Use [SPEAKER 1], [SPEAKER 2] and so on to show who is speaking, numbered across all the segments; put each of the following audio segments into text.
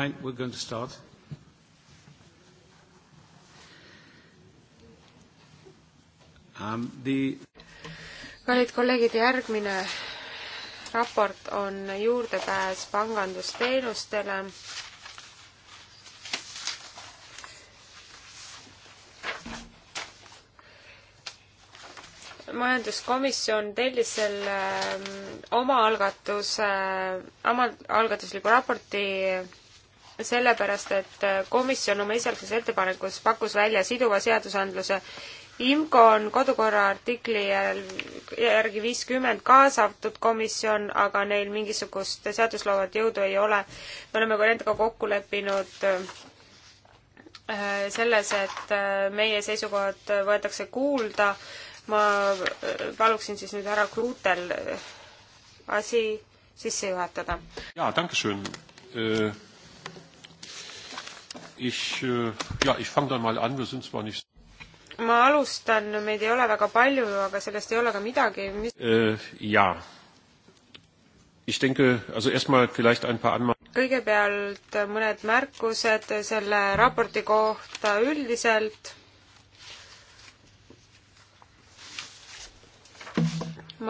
[SPEAKER 1] Fine, we're going to start. Um, the...
[SPEAKER 2] kallid kolleegid, järgmine raport on juurdepääs pangandusteenustele. majanduskomisjon tellis selle ähm, omaalgatuse, äh, omaalgatusliku raporti sellepärast, et komisjon oma esialgses ettepanekus pakkus välja siduva seadusandluse. IMCO on kodukorra artikli järgi viiskümmend kaasatud komisjon, aga neil mingisugust seadusloovat jõudu ei ole. me oleme ka nendega kokku leppinud äh, selles, et äh, meie seisukohad võetakse kuulda. ma äh, paluksin siis nüüd härra Kruutel asi sisse juhatada.
[SPEAKER 1] jaa, tänke schön äh Ich, äh, ja, ich fang dann mal an, wir sind zwar nicht
[SPEAKER 2] ma alustan, meid ei ole väga palju, aga sellest ei ole ka midagi Mis....
[SPEAKER 1] Äh, jaa. Ich denke, also erstmal vielleicht ein paar anma-.
[SPEAKER 2] kõigepealt mõned märkused selle raporti kohta üldiselt.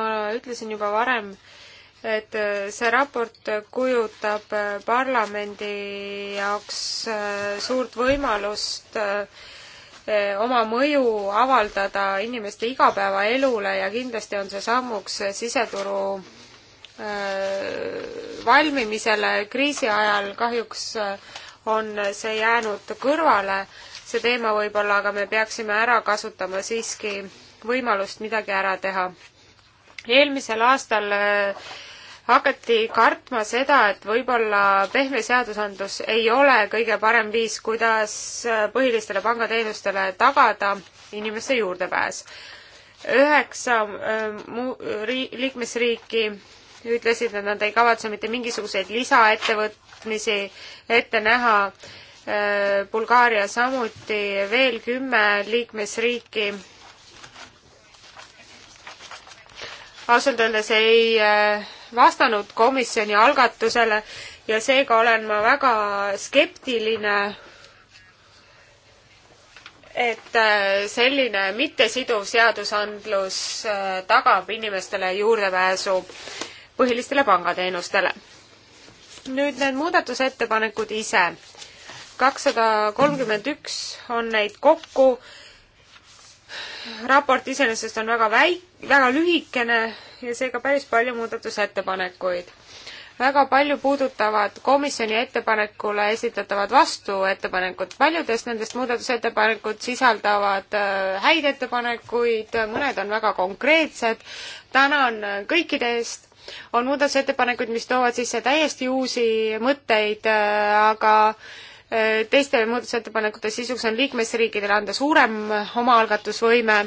[SPEAKER 2] ma ütlesin juba varem, et äh, see raport kujutab äh, parlamendi jaoks äh, suurt võimalust oma mõju avaldada inimeste igapäevaelule ja kindlasti on see sammuks siseturu valmimisele. kriisi ajal kahjuks on see jäänud kõrvale, see teema võib-olla, aga me peaksime ära kasutama siiski võimalust midagi ära teha. eelmisel aastal äh, hakati kartma seda, et võib-olla pehme seadusandlus ei ole kõige parem viis, kuidas põhilistele pangateenustele tagada inimeste juurdepääs. üheksa ähm, muu liikmesriiki ütlesid, et nad ei kavatse mitte mingisuguseid lisaettevõtmisi ette näha äh, Bulgaaria samuti veel kümme liikmesriiki. ausalt öeldes ei äh, vastanud komisjoni algatusele ja seega olen ma väga skeptiline, et äh, selline mittesiduv seadusandlus äh, tagab inimestele juurdepääsu põhilistele pangateenustele. nüüd need muudatusettepanekud ise. kakssada kolmkümmend üks on neid kokku raport iseenesest on väga väik-, väga lühikene ja seega päris palju muudatusettepanekuid. väga palju puudutavad komisjoni ettepanekule esitatavad vastuettepanekud, paljudest nendest muudatusettepanekud sisaldavad äh, häid ettepanekuid, mõned on väga konkreetsed, tänan kõikide eest, on muudatusettepanekuid, mis toovad sisse täiesti uusi mõtteid, äh, aga äh, teiste muudatusettepanekute sisuks on liikmesriikidele anda suurem omaalgatusvõime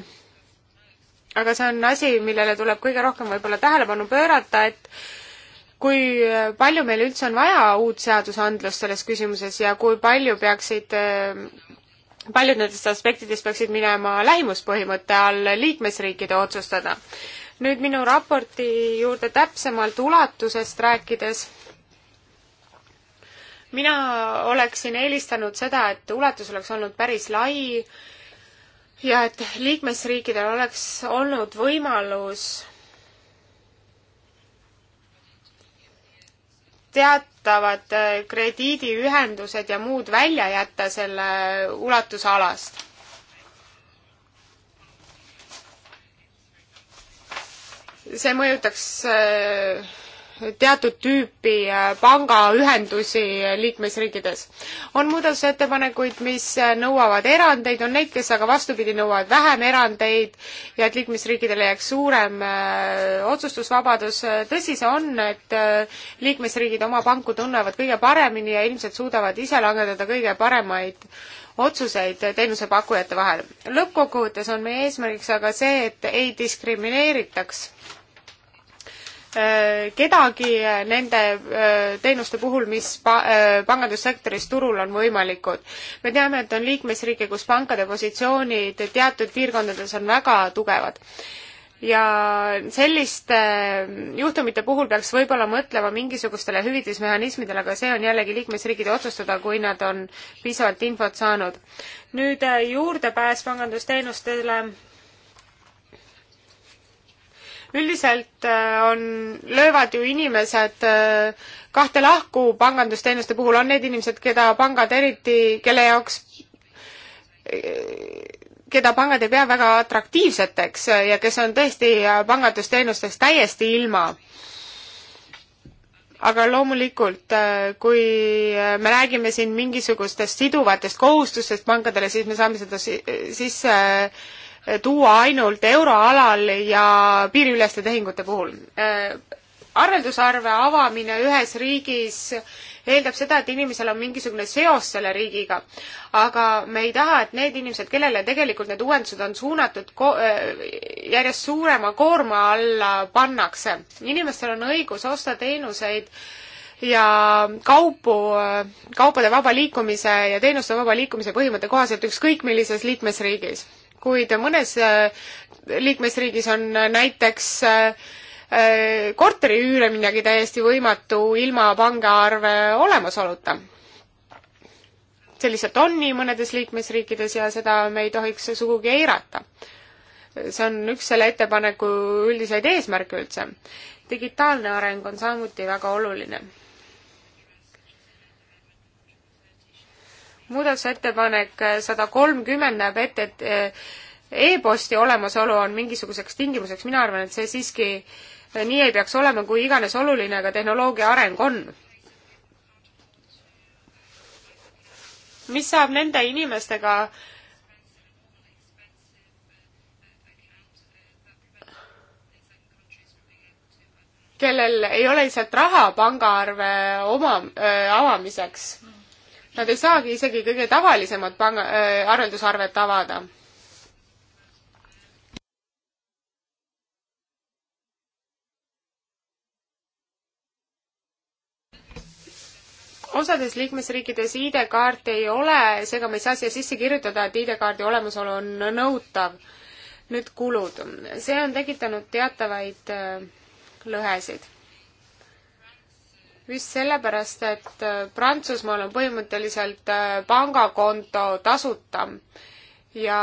[SPEAKER 2] aga see on asi, millele tuleb kõige rohkem võib-olla tähelepanu pöörata, et kui palju meil üldse on vaja uut seadusandlust selles küsimuses ja kui palju peaksid paljud nendest aspektidest peaksid minema lähimuspõhimõtte all liikmesriikide otsustada. nüüd minu raporti juurde täpsemalt ulatusest rääkides, mina oleksin eelistanud seda, et ulatus oleks olnud päris lai ja et liikmesriikidel oleks olnud võimalus teatavad äh, krediidiühendused ja muud välja jätta selle ulatuse alast. see mõjutaks äh, teatud tüüpi äh, pangaühendusi liikmesriikides. on muudatusettepanekuid, mis äh, nõuavad erandeid, on neid, kes aga vastupidi, nõuavad vähem erandeid ja et liikmesriikidele jääks suurem äh, otsustusvabadus. tõsi see on, et liikmesriigid oma panku tunnevad kõige paremini ja ilmselt suudavad ise langetada kõige paremaid otsuseid teenusepakkujate vahel. lõppkokkuvõttes on meie eesmärgiks aga see, et ei diskrimineeritaks Äh, kedagi äh, nende äh, teenuste puhul, mis pa-, pangandussektoris turul on võimalikud. me teame, et on liikmesriike, kus pankade positsioonid teatud piirkondades on väga tugevad. ja selliste juhtumite puhul peaks võib-olla mõtlema mingisugustele hüvitismehhanismidele, aga see on jällegi liikmesriikide otsustada, kui nad on piisavalt infot saanud. nüüd juurdepääs pangandusteenustele üldiselt äh, on, löövad ju inimesed äh, kahte lahku pangandusteenuste puhul, on need inimesed, keda pangad eriti, kelle jaoks äh, keda pangad ei pea väga atraktiivseteks ja kes on tõesti pangandusteenustest täiesti ilma. aga loomulikult, kui me räägime siin mingisugustest siduvatest kohustustest pankadele, siis me saame seda sisse tuua ainult euroalal ja piiriüleste tehingute puhul. Äh, arveldusarve avamine ühes riigis eeldab seda, et inimesel on mingisugune seos selle riigiga. aga me ei taha, et need inimesed, kellele tegelikult need uuendused on suunatud, äh, järjest suurema koorma alla pannakse. inimestel on õigus osta teenuseid ja kaupu, äh, kaupade vaba liikumise ja teenuste vaba liikumise põhimõtte kohaselt ükskõik millises liikmesriigis kuid mõnes äh, liikmesriigis on näiteks äh, korteri üüriminegi täiesti võimatu ilma pangaarve olemasoluta see lihtsalt on nii mõnedes liikmesriikides ja seda me ei tohiks sugugi eirata. see on üks selle ettepaneku üldiseid eesmärke üldse. digitaalne areng on samuti väga oluline. muudatusettepanek sada kolmkümmend näeb ette, et eh, e-posti olemasolu on mingisuguseks tingimuseks, mina arvan, et see siiski eh, nii ei peaks olema, kui iganes oluline ka tehnoloogia areng on. mis saab nende inimestega, kellel ei ole lihtsalt raha pangaarve oma, eh, avamiseks? Nad ei saagi isegi kõige tavalisemat panga äh,, arveldusarvet avada osades liikmesriikides ID-kaarti ei ole, seega me ei saa siia sisse kirjutada, et ID-kaardi olemasolu on nõutav. nüüd kulud. see on tekitanud teatavaid äh, lõhesid just sellepärast, et äh, Prantsusmaal on põhimõtteliselt äh, pangakonto tasuta ja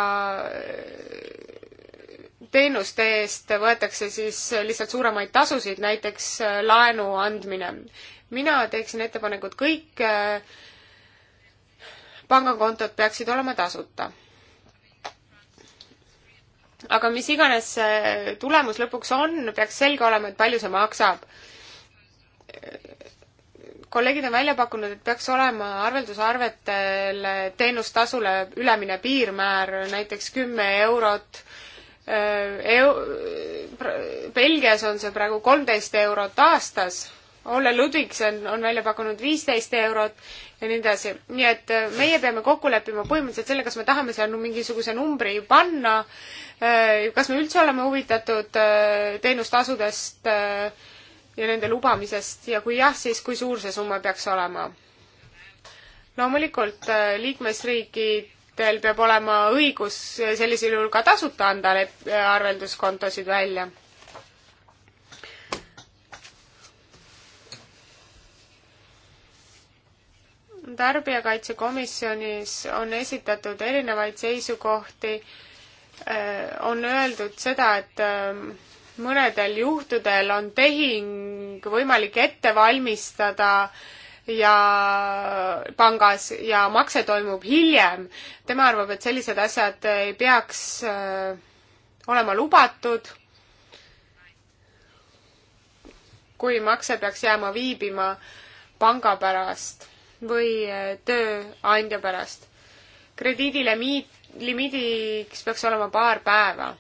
[SPEAKER 2] äh, teenuste eest võetakse siis lihtsalt suuremaid tasusid, näiteks laenu andmine. mina teeksin ettepaneku, et kõik pangakontod peaksid olema tasuta. aga mis iganes see tulemus lõpuks on, peaks selge olema, et palju see maksab kolleegid on välja pakkunud, et peaks olema arveldusarvetele teenustasule ülemine piirmäär, näiteks kümme eurot äh, eu-, Belgias on see praegu kolmteist eurot aastas, Olle Ludvigsen on välja pakkunud viisteist eurot ja nii edasi. nii et äh, meie peame kokku leppima põhimõtteliselt selle, kas me tahame seal mingisuguse numbri panna, äh, kas me üldse oleme huvitatud teenustasudest äh, ja nende lubamisest ja kui jah, siis kui suur see summa peaks olema? loomulikult äh, liikmesriikidel peab olema õigus sellisel juhul ka tasuta anda äh, arvelduskontosid välja. tarbijakaitsekomisjonis on esitatud erinevaid seisukohti, äh, on öeldud seda, et ähm, mõnedel juhtudel on tehing võimalik ette valmistada ja pangas ja makse toimub hiljem. tema arvab, et sellised asjad ei peaks äh, olema lubatud. kui makse peaks jääma viibima panga pärast või äh, tööandja pärast. krediidilimiit, limiidiks peaks olema paar päeva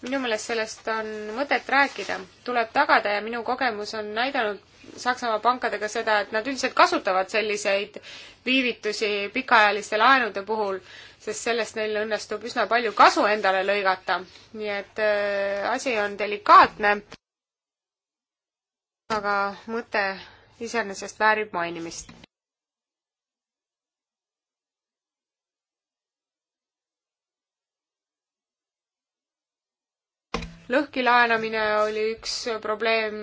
[SPEAKER 2] minu meelest sellest on mõtet rääkida, tuleb tagada ja minu kogemus on näidanud Saksamaa pankadega seda, et nad üldiselt kasutavad selliseid viivitusi pikaajaliste laenude puhul, sest sellest neil õnnestub üsna palju kasu endale lõigata. nii et äh, asi on delikaatne, aga mõte iseenesest väärib mainimist. lõhkilaenamine oli üks probleem.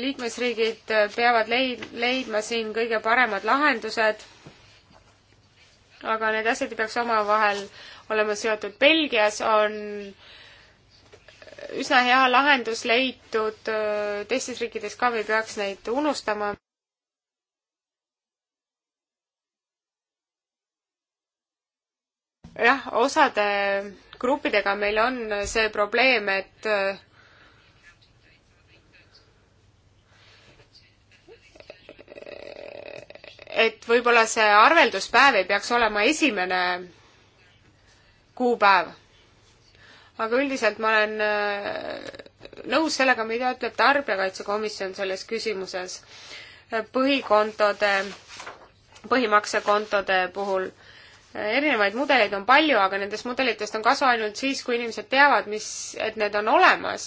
[SPEAKER 2] liikmesriigid peavad leid-, leidma siin kõige paremad lahendused. aga need asjad ei peaks omavahel olema seotud. Belgias on üsna hea lahendus leitud, teistes riikides ka me ei peaks neid unustama. jah, osade gruppidega meil on see probleem, et et võib-olla see arvelduspäev ei peaks olema esimene kuupäev. aga üldiselt ma olen äh, nõus sellega, mida ütleb Tarbijakaitsekomisjon selles küsimuses põhikontode, põhimaksekontode puhul erinevaid mudeleid on palju, aga nendest mudelitest on kasu ainult siis, kui inimesed teavad, mis, et need on olemas.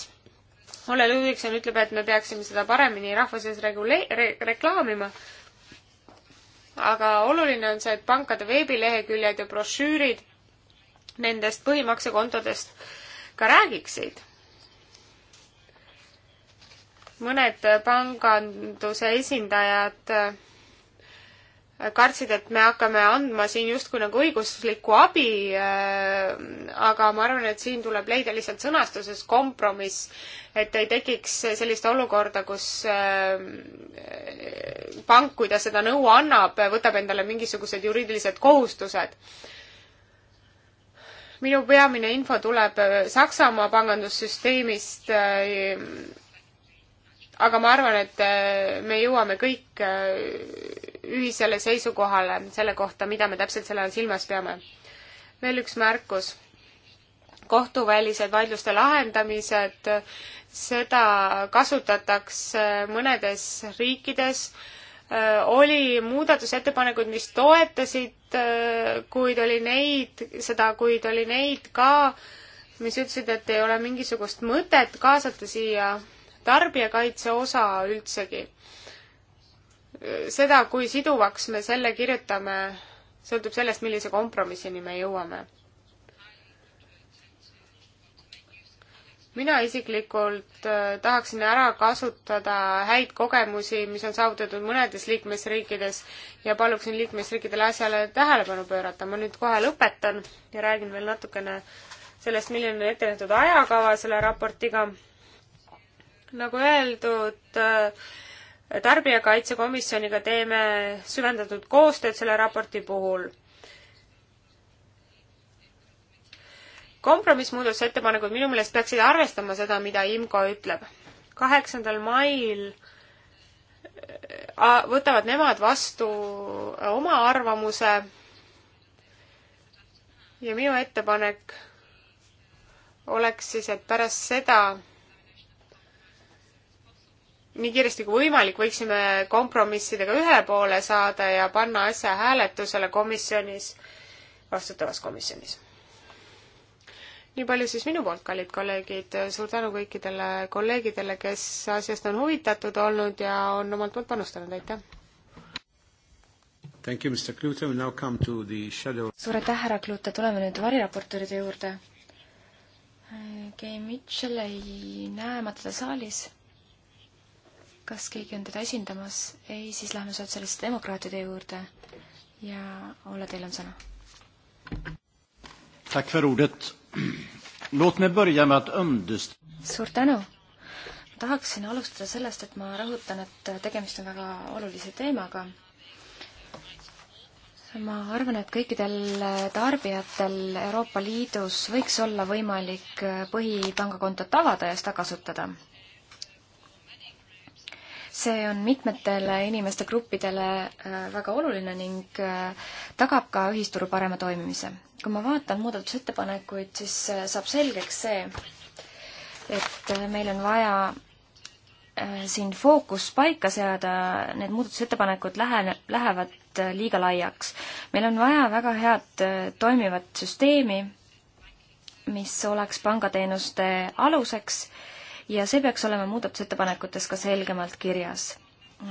[SPEAKER 2] Olle Ludvigson ütleb, et me peaksime seda paremini rahva sees regule-, re-, reklaamima. aga oluline on see, et pankade veebileheküljed ja brošüürid nendest põhimaksekontodest ka räägiksid mõned panganduse esindajad kartsid, et me hakkame andma siin justkui nagu õiguslikku abi, äh, aga ma arvan, et siin tuleb leida lihtsalt sõnastuses kompromiss, et ei tekiks sellist olukorda, kus äh, pank, kui ta seda nõu annab, võtab endale mingisugused juriidilised kohustused. minu peamine info tuleb Saksamaa pangandussüsteemist äh, aga ma arvan, et äh, me jõuame kõik äh, ühisele seisukohale selle kohta, mida me täpselt selle all silmas peame. veel üks märkus. kohtuvälised vaidluste lahendamised, seda kasutatakse mõnedes riikides, äh, oli muudatusettepanekuid, mis toetasid, kuid oli neid, seda, kuid oli neid ka, mis ütlesid, et ei ole mingisugust mõtet kaasata siia tarbijakaitse osa üldsegi. seda, kui siduvaks me selle kirjutame, sõltub sellest, millise kompromissini me jõuame. mina isiklikult äh, tahaksin ära kasutada häid kogemusi, mis on saavutatud mõnedes liikmesriikides ja paluksin liikmesriikidele asjale tähelepanu pöörata. ma nüüd kohe lõpetan ja räägin veel natukene sellest, milline on ette nähtud ajakava selle raportiga nagu öeldud, äh, tarbijakaitsekomisjoniga teeme süvendatud koostööd selle raporti puhul. kompromissmuudatusettepanekud minu meelest peaksid arvestama seda, mida IMCO ütleb. kaheksandal mail äh, võtavad nemad vastu äh, oma arvamuse ja minu ettepanek oleks siis, et pärast seda nii kiiresti kui võimalik võiksime kompromissidega ühele poole saada ja panna asja hääletusele komisjonis, vastutavas komisjonis. nii palju siis minu poolt, kallid kolleegid, suur tänu kõikidele kolleegidele, kes asjast on huvitatud olnud ja on omalt poolt panustanud, aitäh! suur aitäh, härra Klute, tuleme nüüd variraportööride
[SPEAKER 3] juurde. Gay äh, Mitchell ei näe ma teda saalis kas keegi on teda esindamas? ei, siis lähme sotsialistide demokraatide juurde ja Olle, teil on sõna. suur tänu! ma tahaksin alustada sellest, et ma rõhutan, et tegemist on väga olulise teemaga. ma arvan, et kõikidel tarbijatel Euroopa Liidus võiks olla võimalik põhipangakontot avada ja seda kasutada see on mitmetele inimeste gruppidele äh, väga oluline ning äh, tagab ka ühisturu parema toimimise. kui ma vaatan muudatusettepanekuid, siis äh, saab selgeks see, et meil on vaja siin fookus paika seada, need muudatusettepanekud lähe-, lähevad liiga laiaks. meil on vaja väga head toimivat süsteemi, mis oleks pangateenuste aluseks äh, ja see peaks olema muudatusettepanekutes ka selgemalt kirjas.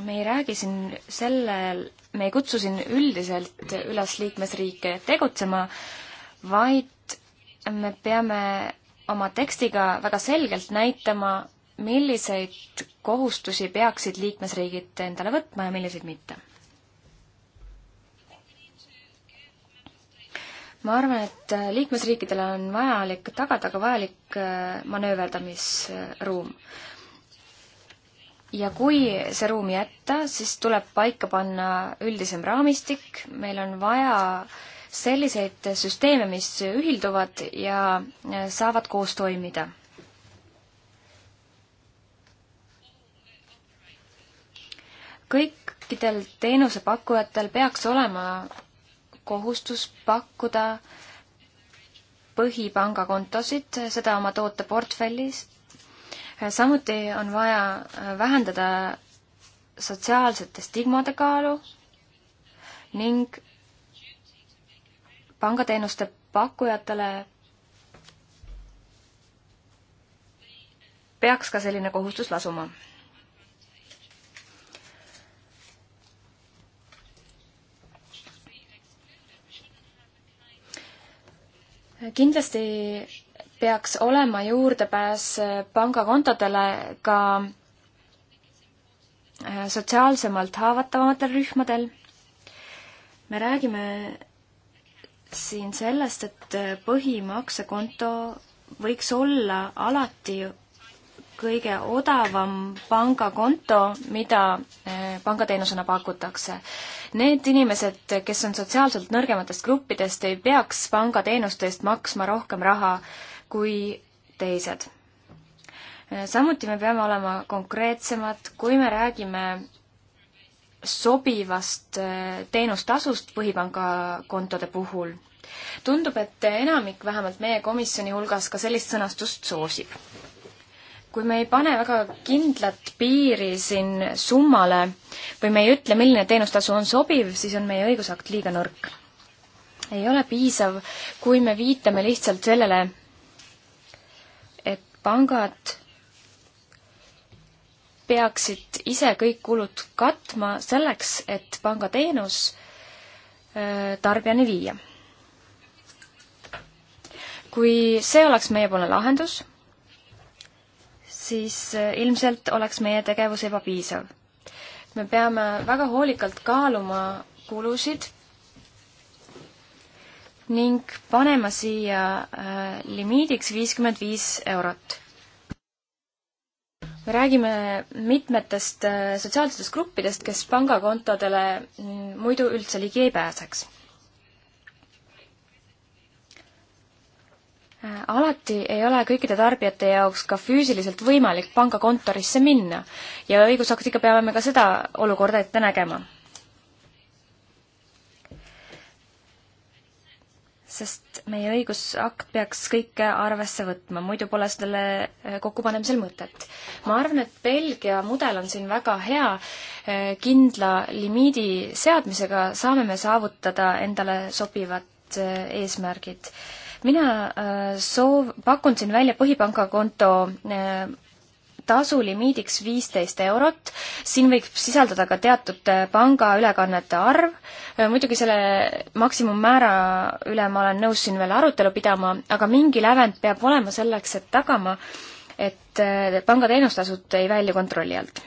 [SPEAKER 3] me ei räägi siin sellel, me ei kutsu siin üldiselt üles liikmesriike tegutsema, vaid me peame oma tekstiga väga selgelt näitama, milliseid kohustusi peaksid liikmesriigid endale võtma ja milliseid mitte ma arvan, et äh, liikmesriikidele on vajalik tagada ka vajalik äh, manööverdamisruum. ja kui see ruum jätta, siis tuleb paika panna üldisem raamistik, meil on vaja selliseid süsteeme, mis ühilduvad ja äh, saavad koos toimida. kõikidel teenusepakkujatel peaks olema kohustus pakkuda põhipangakontosid, seda oma tooteportfellis. samuti on vaja äh, vähendada sotsiaalsete stigmade kaalu ning pangateenuste pakkujatele peaks ka selline kohustus lasuma kindlasti peaks olema juurdepääs pangakontodele ka äh, sotsiaalsemalt haavatavamatel rühmadel. me räägime siin sellest, et põhimaksekonto võiks olla alati kõige odavam pangakonto, mida eh, pangateenusena pakutakse. Need inimesed, kes on sotsiaalselt nõrgematest gruppidest, ei peaks pangateenuste eest maksma rohkem raha kui teised. Eh, samuti me peame olema konkreetsemad, kui me räägime sobivast eh, teenustasust põhipangakontode puhul tundub, et enamik vähemalt meie komisjoni hulgas ka sellist sõnastust soosib kui me ei pane väga kindlat piiri siin summale või me ei ütle, milline teenustasu on sobiv, siis on meie õigusakt liiga nõrk. ei ole piisav, kui me viitame lihtsalt sellele, et pangad peaksid ise kõik kulud katma selleks, et pangateenus äh, tarbijani viia. kui see oleks meiepoolne lahendus siis eh, ilmselt oleks meie tegevus ebapiisav. me peame väga hoolikalt kaaluma kulusid ning panema siia äh, limiidiks viiskümmend viis eurot. me räägime mitmetest äh, sotsiaalsetest gruppidest, kes pangakontodele mm, muidu üldse ligi ei pääseks Äh, alati ei ole kõikide tarbijate jaoks ka füüsiliselt võimalik pangakontorisse minna ja õigusaktiga peame me ka seda olukorda ette nägema. sest meie õigusakt peaks kõike arvesse võtma, muidu pole selle äh, kokkupanemisel mõtet. ma arvan, et Belgia mudel on siin väga hea, äh, kindla limiidi seadmisega saame me saavutada endale sobivad eesmärgid mina äh, soov, pakun siin välja põhipangakonto äh, tasu limiidiks viisteist eurot, siin võib sisaldada ka teatud äh, pangaülekannete arv, muidugi selle maksimummäära üle ma olen nõus siin veel arutelu pidama, aga mingi lävend peab olema selleks, et tagama, et panga teenustasud ei välju kontrolli alt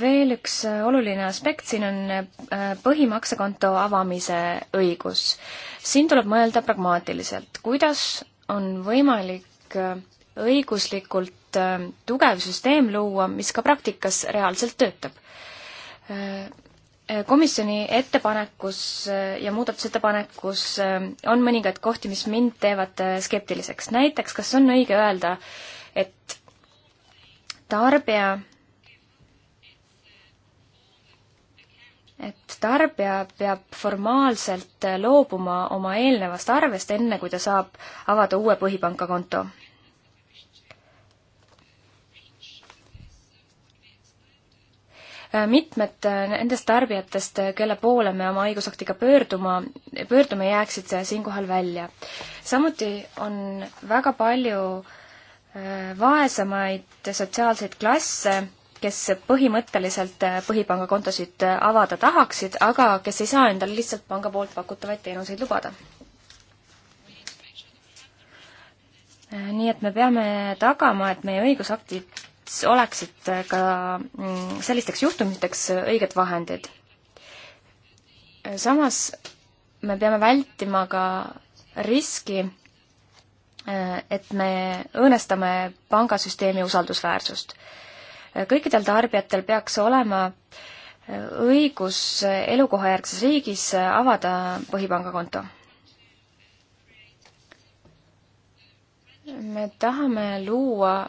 [SPEAKER 3] veel üks äh, oluline aspekt siin on äh, põhimaksekonto avamise õigus. siin tuleb mõelda pragmaatiliselt, kuidas on võimalik äh, õiguslikult tugev süsteem luua, mis ka praktikas reaalselt töötab. Komisjoni ettepanekus ja muudatusettepanekus on mõningaid kohti, mis mind teevad skeptiliseks. näiteks, kas on õige öelda, et tarbija et tarbija peab formaalselt loobuma oma eelnevast arvest, enne kui ta saab avada uue põhipangakonto. mitmed nendest tarbijatest, kelle poole me oma õigusaktiga pöörduma, pöördume, jääksid siinkohal välja. samuti on väga palju äh, vaesemaid sotsiaalseid klasse, kes põhimõtteliselt äh, Põhipanga kontosid äh, avada tahaksid, aga kes ei saa endale lihtsalt panga poolt pakutavaid teenuseid lubada. Äh, nii et me peame tagama, et meie õigusaktid oleksid ka mm, sellisteks juhtumiteks õiged vahendid. samas me peame vältima ka riski, et me õõnestame pangasüsteemi usaldusväärsust kõikidel tarbijatel peaks olema õigus elukohajärgses riigis avada põhipangakonto. me tahame luua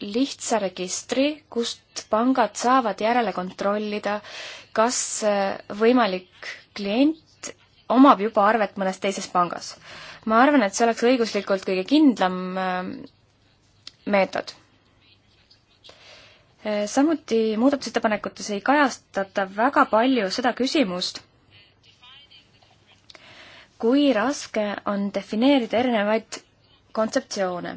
[SPEAKER 3] lihtsa registri, kust pangad saavad järele kontrollida, kas võimalik klient omab juba arvet mõnes teises pangas. ma arvan, et see oleks õiguslikult kõige kindlam äh, meetod Äh, samuti muudatusettepanekutes ei kajastata väga palju seda küsimust, kui raske on defineerida erinevaid kontseptsioone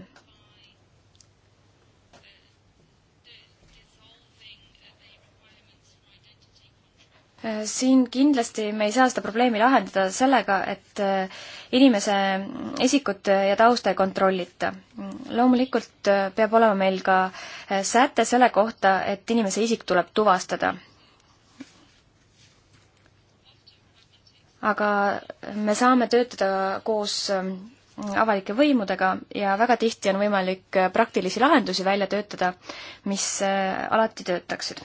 [SPEAKER 3] siin kindlasti me ei saa seda probleemi lahendada sellega, et äh, inimese äh, isikut ja tausta ei kontrollita. loomulikult äh, peab olema meil ka säte selle kohta, et inimese isik tuleb tuvastada. aga me saame töötada koos avalike võimudega ja väga tihti on võimalik praktilisi lahendusi välja töötada, mis alati töötaksid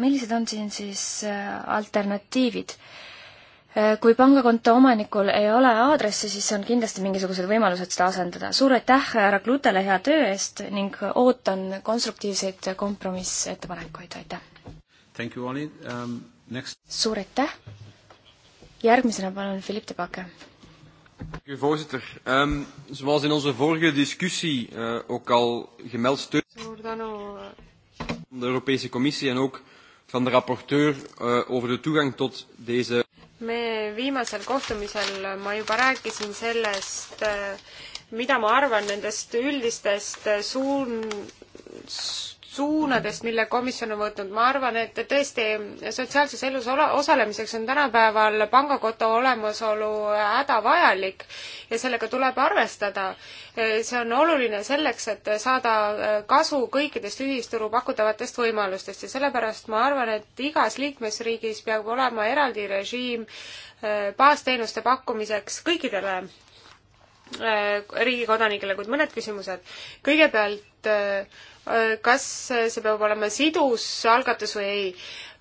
[SPEAKER 3] millised on siin siis äh, alternatiivid? Äh, kui pangakonto omanikul ei ole aadressi, siis on kindlasti mingisugused võimalused seda asendada. suur aitäh härra Klutele hea töö eest ning ootan konstruktiivseid kompromissettepanekuid, aitäh!
[SPEAKER 2] Um, next...
[SPEAKER 3] suur aitäh! järgmisena palun Philipp de Bakke.
[SPEAKER 2] Voorzitter, um, zoals in onze vorige discussie uh, ook al gemeld steun. Suur tänu. Uh- de Europese Commissie en ook van de rapporteur uh, over de toegang tot deze me viimasel kohtumisel eh, ma juba rääkisin sellest, eh, mida ma arvan nendest üldistest suun-, suunadest, mille komisjon on võtnud, ma arvan, et tõesti sotsiaalses elus ole, osalemiseks on tänapäeval pangakonto olemasolu hädavajalik ja sellega tuleb arvestada. see on oluline selleks, et saada kasu kõikidest ühisturu pakutavatest võimalustest ja sellepärast ma arvan, et igas liikmesriigis peab olema eraldi režiim baasteenuste pakkumiseks kõikidele Äh, riigikodanikele, kuid mõned küsimused. kõigepealt, äh, kas see peab olema sidus algatus või ei?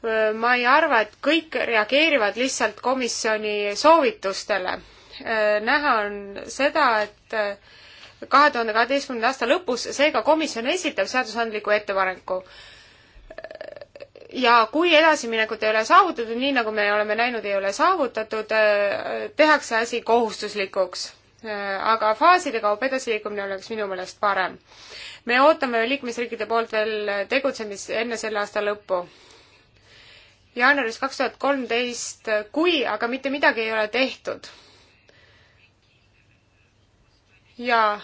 [SPEAKER 2] Äh, ma ei arva, et kõik reageerivad lihtsalt komisjoni soovitustele. näha on seda, et kahe tuhande kaheteistkümnenda aasta lõpus, seega komisjon esitab seadusandliku ettepaneku ja kui edasiminekut ei ole saavutatud, nii nagu me oleme näinud, ei ole saavutatud, tehakse asi kohustuslikuks aga faaside kaupa edasiliikumine oleks minu meelest parem. me ootame liikmesriikide poolt veel tegutsemist enne selle aasta lõppu. jaanuaris kaks tuhat kolmteist, kui aga mitte midagi ei ole tehtud ja,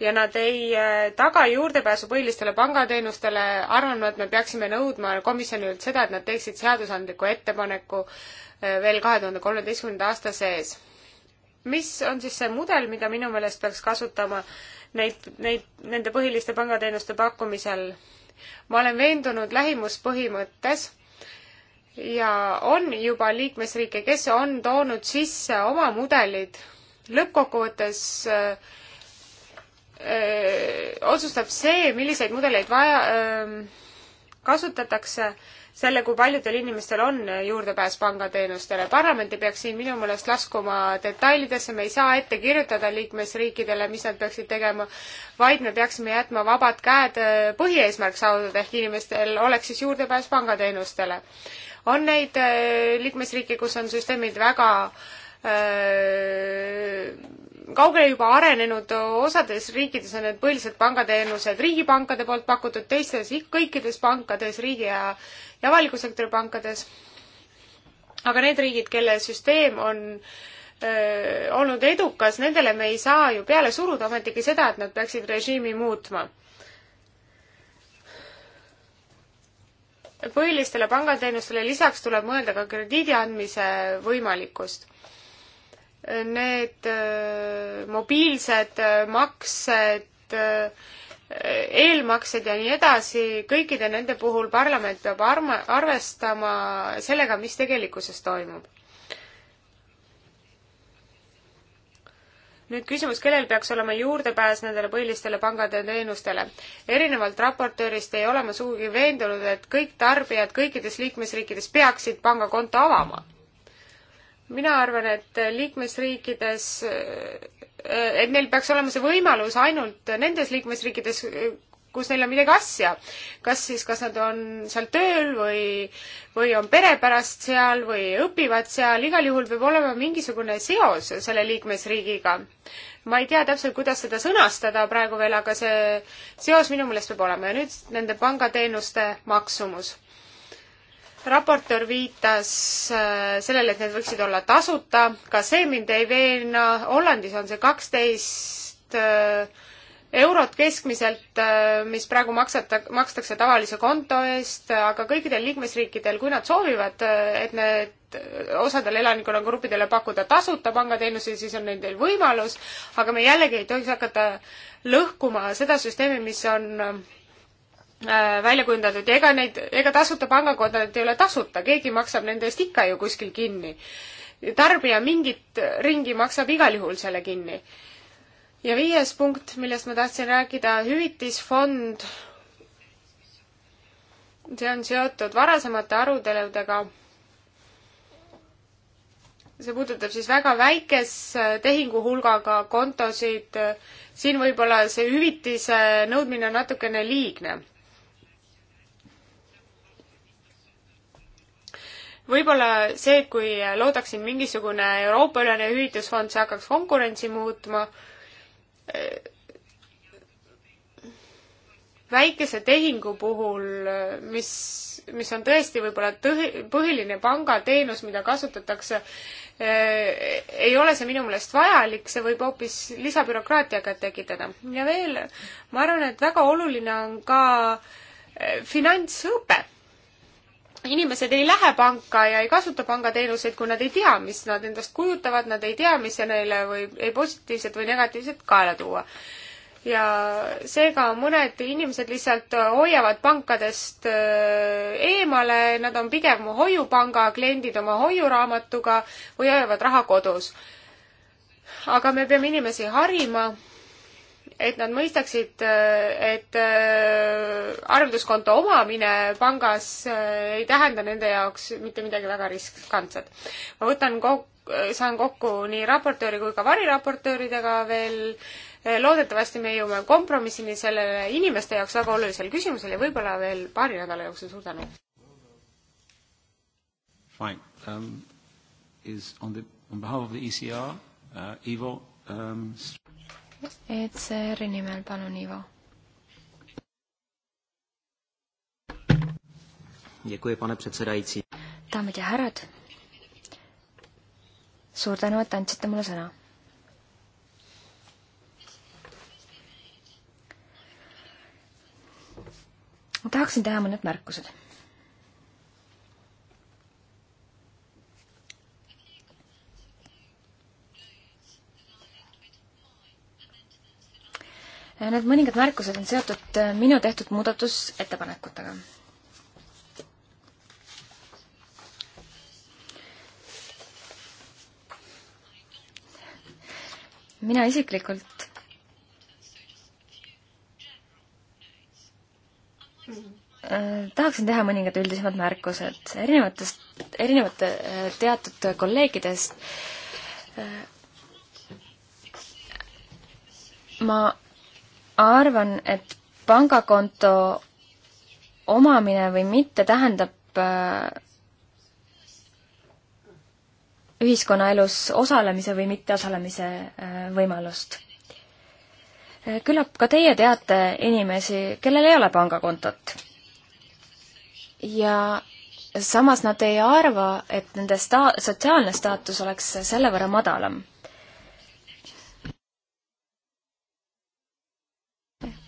[SPEAKER 2] ja nad ei äh, taga juurdepääsu põhilistele pangateenustele, arvan ma, et me peaksime nõudma komisjonilt seda, et nad teeksid seadusandliku ettepaneku äh, veel kahe tuhande kolmeteistkümnenda aasta sees mis on siis see mudel, mida minu meelest peaks kasutama neid, neid, nende põhiliste pangateenuste pakkumisel? ma olen veendunud lähimuspõhimõttes ja on juba liikmesriike, kes on toonud sisse oma mudelid. lõppkokkuvõttes öö, äh, öö, äh, otsustab see, milliseid mudeleid vaja öö, äh, kasutatakse selle, kui paljudel inimestel on juurdepääs pangateenustele. parlament ei peaks siin minu meelest laskuma detailidesse, me ei saa ette kirjutada liikmesriikidele, mis nad peaksid tegema, vaid me peaksime jätma vabad käed äh, põhieesmärk saavutada, ehk inimestel oleks siis juurdepääs pangateenustele. on neid äh, liikmesriike, kus on süsteemid väga öö, äh, kaugele juba arenenud, osades riikides on need põhilised pangateenused riigipankade poolt pakutud, teistes kõikides pankades, riigi ja, ja avaliku sektori pankades. aga need riigid, kelle süsteem on öö, olnud edukas, nendele me ei saa ju peale suruda ometigi seda, et nad peaksid režiimi muutma põhilistele pangateenustele lisaks tuleb mõelda ka krediidi andmise võimalikkust need äh, mobiilsed äh, maksed, äh, eelmaksed ja nii edasi, kõikide nende puhul parlament peab arma-, arvestama sellega, mis tegelikkuses toimub. nüüd küsimus, kellel peaks olema juurdepääs nendele põhilistele pangade teenustele. erinevalt raportöörist ei ole ma sugugi veendunud, et kõik tarbijad kõikides liikmesriikides peaksid pangakonto avama mina arvan, et liikmesriikides, et neil peaks olema see võimalus ainult nendes liikmesriikides, kus neil on midagi asja. kas siis, kas nad on seal tööl või, või on pere pärast seal või õpivad seal, igal juhul peab olema mingisugune seos selle liikmesriigiga. ma ei tea täpselt, kuidas seda sõnastada praegu veel, aga see seos minu meelest peab olema ja nüüd nende pangateenuste maksumus raportöör viitas äh, sellele, et need võiksid olla tasuta, ka see mind ei veena, Hollandis on see kaksteist äh, eurot keskmiselt, äh, mis praegu maksata, makstakse tavalise konto eest, aga kõikidel liikmesriikidel, kui nad soovivad, et need osadele elanikkonnagruppidele pakkuda tasuta pangateenuseid, siis on nendel võimalus, aga me jällegi ei tohiks hakata lõhkuma seda süsteemi, mis on Äh, välja kujundatud ja ega neid, ega tasuta pangakontorid ei ole tasuta, keegi maksab nende eest ikka ju kuskil kinni. tarbija mingit ringi maksab igal juhul selle kinni. ja viies punkt, millest ma tahtsin rääkida, hüvitisfond. see on seotud varasemate aruteludega. see puudutab siis väga väikese äh, tehinguhulgaga kontosid. siin võib-olla see hüvitise nõudmine on natukene liigne võib-olla see, kui loodaks siin mingisugune Euroopa-ülene hüvitusfond, see hakkaks konkurentsi muutma. väikese tehingu puhul, mis, mis on tõesti võib-olla tõhi-, põhiline pangateenus, mida kasutatakse, ei ole see minu meelest vajalik, see võib hoopis lisabürokraatiaga tekitada. ja veel, ma arvan, et väga oluline on ka eh, finantsõpe inimesed ei lähe panka ja ei kasuta pangateenuseid, kui nad ei tea, mis nad endast kujutavad, nad ei tea, mis see neile võib ei positiivset või negatiivset kaela tuua. ja seega mõned inimesed lihtsalt hoiavad pankadest äh, eemale, nad on pigem hoiupanga kliendid oma hoiuraamatuga või hoiavad raha kodus. aga me peame inimesi harima et nad mõistaksid, et äh, arvelduskonto omamine pangas äh, ei tähenda nende jaoks mitte midagi väga riskantset. ma võtan kok-, saan kokku nii raportööri kui ka variraportööridega veel, äh, loodetavasti me jõuame kompromissini sellele inimeste jaoks väga olulisel küsimusel ja võib-olla veel paari nädala jooksul, suur tänu! Fine um,. Is on the, on behalf of the ECR uh,, Ivo um,
[SPEAKER 3] ECR-i nimel, palun, Ivo. daamid ja härrad, suur tänu, et andsite mulle sõna ma tahaksin teha mõned märkused. Need mõningad märkused on seotud äh, minu tehtud muudatusettepanekutega. mina isiklikult äh, tahaksin teha mõningad üldisemad märkused erinevatest, erinevate äh, teatud kolleegidest. ma arvan, et pangakonto omamine või mitte tähendab äh, ühiskonnaelus osalemise või mitteosalemise äh, võimalust. Äh, küllap ka teie teate inimesi, kellel ei ole pangakontot. ja samas nad ei arva, et nende sta-, sotsiaalne staatus oleks selle võrra madalam.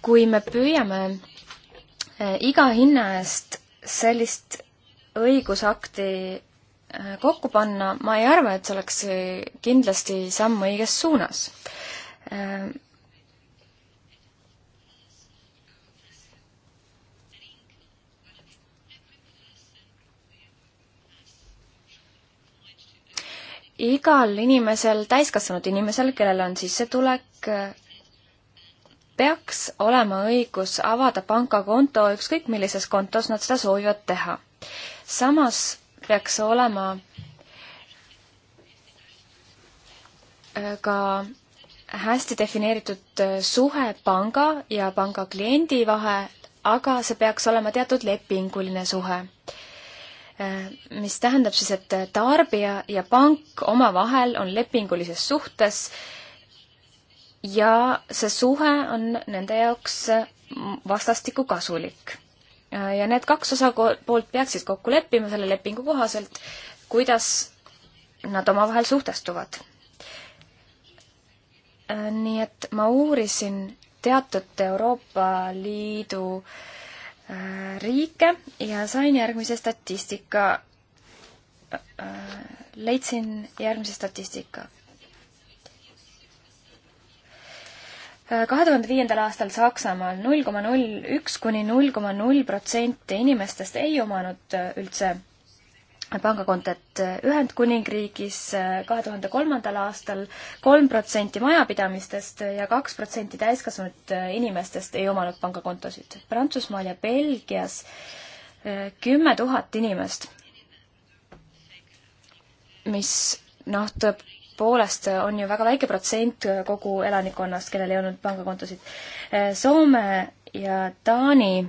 [SPEAKER 3] kui me püüame äh, iga hinna eest sellist õigusakti äh, kokku panna, ma ei arva, et see oleks äh, kindlasti samm õiges suunas. igal inimesel, täiskasvanud inimesel, kellel on sissetulek peaks olema õigus avada pangakonto ükskõik millises kontos nad seda soovivad teha. samas peaks olema äh, ka hästi defineeritud äh, suhe panga ja panga kliendi vahel, aga see peaks olema teatud lepinguline suhe äh, mis tähendab siis, et tarbija ja pank omavahel on lepingulises suhtes ja see suhe on nende jaoks mm, vastastikku kasulik. ja need kaks osapoolt peaksid kokku leppima selle lepingu kohaselt, kuidas nad omavahel suhtestuvad. Äh, nii et ma uurisin teatud Euroopa Liidu äh, riike ja sain järgmise statistika, äh, leidsin järgmise statistika kahe tuhande viiendal aastal Saksamaal null koma null üks kuni null koma null protsenti inimestest ei omanud äh, üldse pangakontot Ühendkuningriigis äh, kahe tuhande kolmandal aastal kolm protsenti majapidamistest ja kaks protsenti täiskasvanud äh, inimestest ei omanud pangakontosid. Prantsusmaal ja Belgias kümme tuhat inimest, mis noh, tõeb poolest on ju väga väike protsent kogu elanikkonnast, kellel ei olnud pangakontosid. Soome ja Taani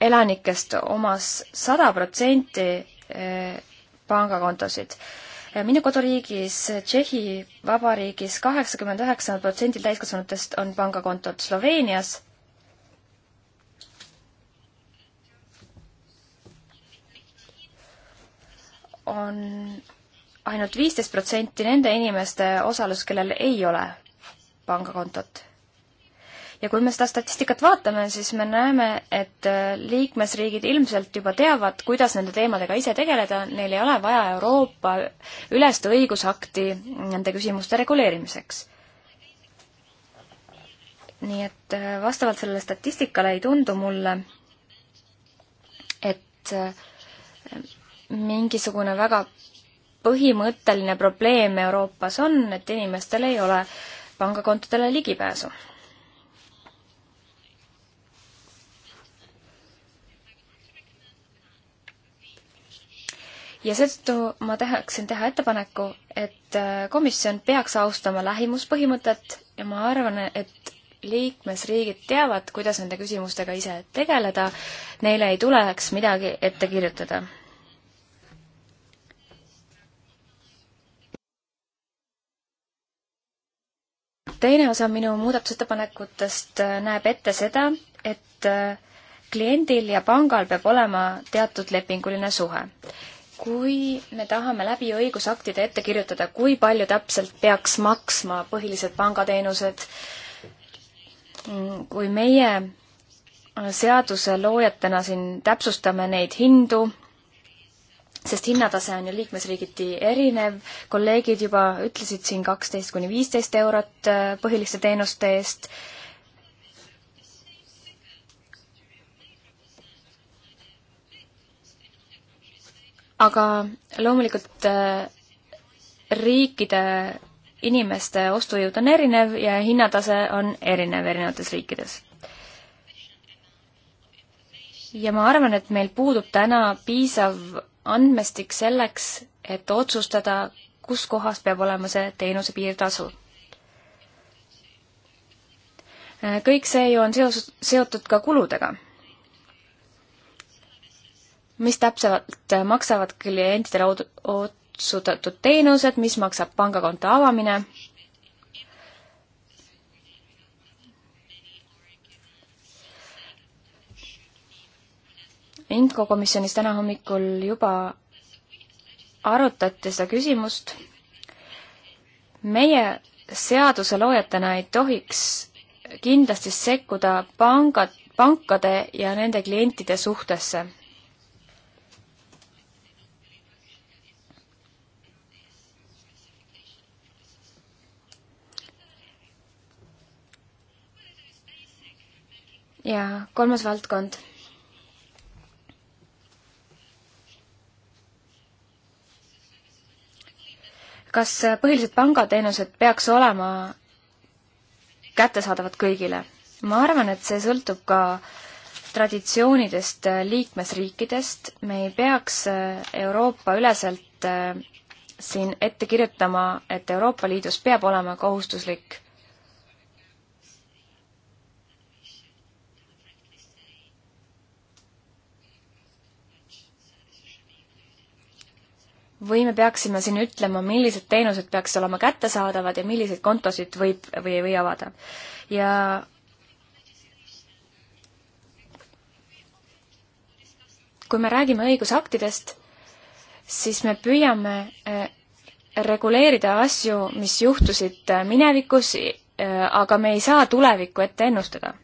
[SPEAKER 3] elanikest omas sada protsenti eh, pangakontosid. minu koduriigis Tšehhi Vabariigis kaheksakümmend üheksa protsendil täiskasvanutest on pangakontod Sloveenias on ainult viisteist protsenti nende inimeste osalus, kellel ei ole pangakontot. ja kui me seda statistikat vaatame, siis me näeme, et äh, liikmesriigid ilmselt juba teavad, kuidas nende teemadega ise tegeleda, neil ei ole vaja Euroopa ülest õigusakti nende küsimuste reguleerimiseks. nii et äh, vastavalt sellele statistikale ei tundu mulle, et äh, mingisugune väga põhimõtteline probleem Euroopas on, et inimestel ei ole pangakontodele ligipääsu. ja seetõttu ma tahaksin teha ettepaneku, et komisjon peaks austama lähimuspõhimõtet ja ma arvan, et liikmesriigid teavad, kuidas nende küsimustega ise tegeleda, neile ei tuleks midagi ette kirjutada teine osa minu muudatusettepanekutest äh, näeb ette seda, et äh, kliendil ja pangal peab olema teatud lepinguline suhe. kui me tahame läbi õigusaktide ette kirjutada, kui palju täpselt peaks maksma põhilised pangateenused, mm, kui meie äh, seaduseloojatena siin täpsustame neid hindu, sest hinnatase on ju liikmesriigiti erinev, kolleegid juba ütlesid siin kaksteist kuni viisteist eurot äh, põhiliste teenuste eest. aga loomulikult äh, riikide inimeste ostujõud on erinev ja hinnatase on erinev erinevates riikides ja ma arvan, et meil puudub täna piisav andmestik selleks, et otsustada, kus kohas peab olema see teenuse piirtasu. kõik see ju on seos, seotud ka kuludega. mis täpsemalt maksavad klientidele otsustatud teenused, mis maksab pangakonto avamine Inko komisjonis täna hommikul juba arutati seda küsimust. meie seaduseloojatena ei tohiks kindlasti sekkuda pangad, pankade ja nende klientide suhtesse ja kolmas valdkond. kas äh, põhilised pangateenused peaks olema kättesaadavad kõigile? ma arvan, et see sõltub ka traditsioonidest äh, liikmesriikidest, me ei peaks äh, Euroopa-üleselt siin ette kirjutama, et Euroopa Liidus peab olema kohustuslik või me peaksime siin ütlema, millised teenused peaksid olema kättesaadavad ja milliseid kontosid võib või ei või avada. ja kui me räägime õigusaktidest, siis me püüame eh, reguleerida asju, mis juhtusid eh, minevikus, eh, aga me ei saa tulevikku ette ennustada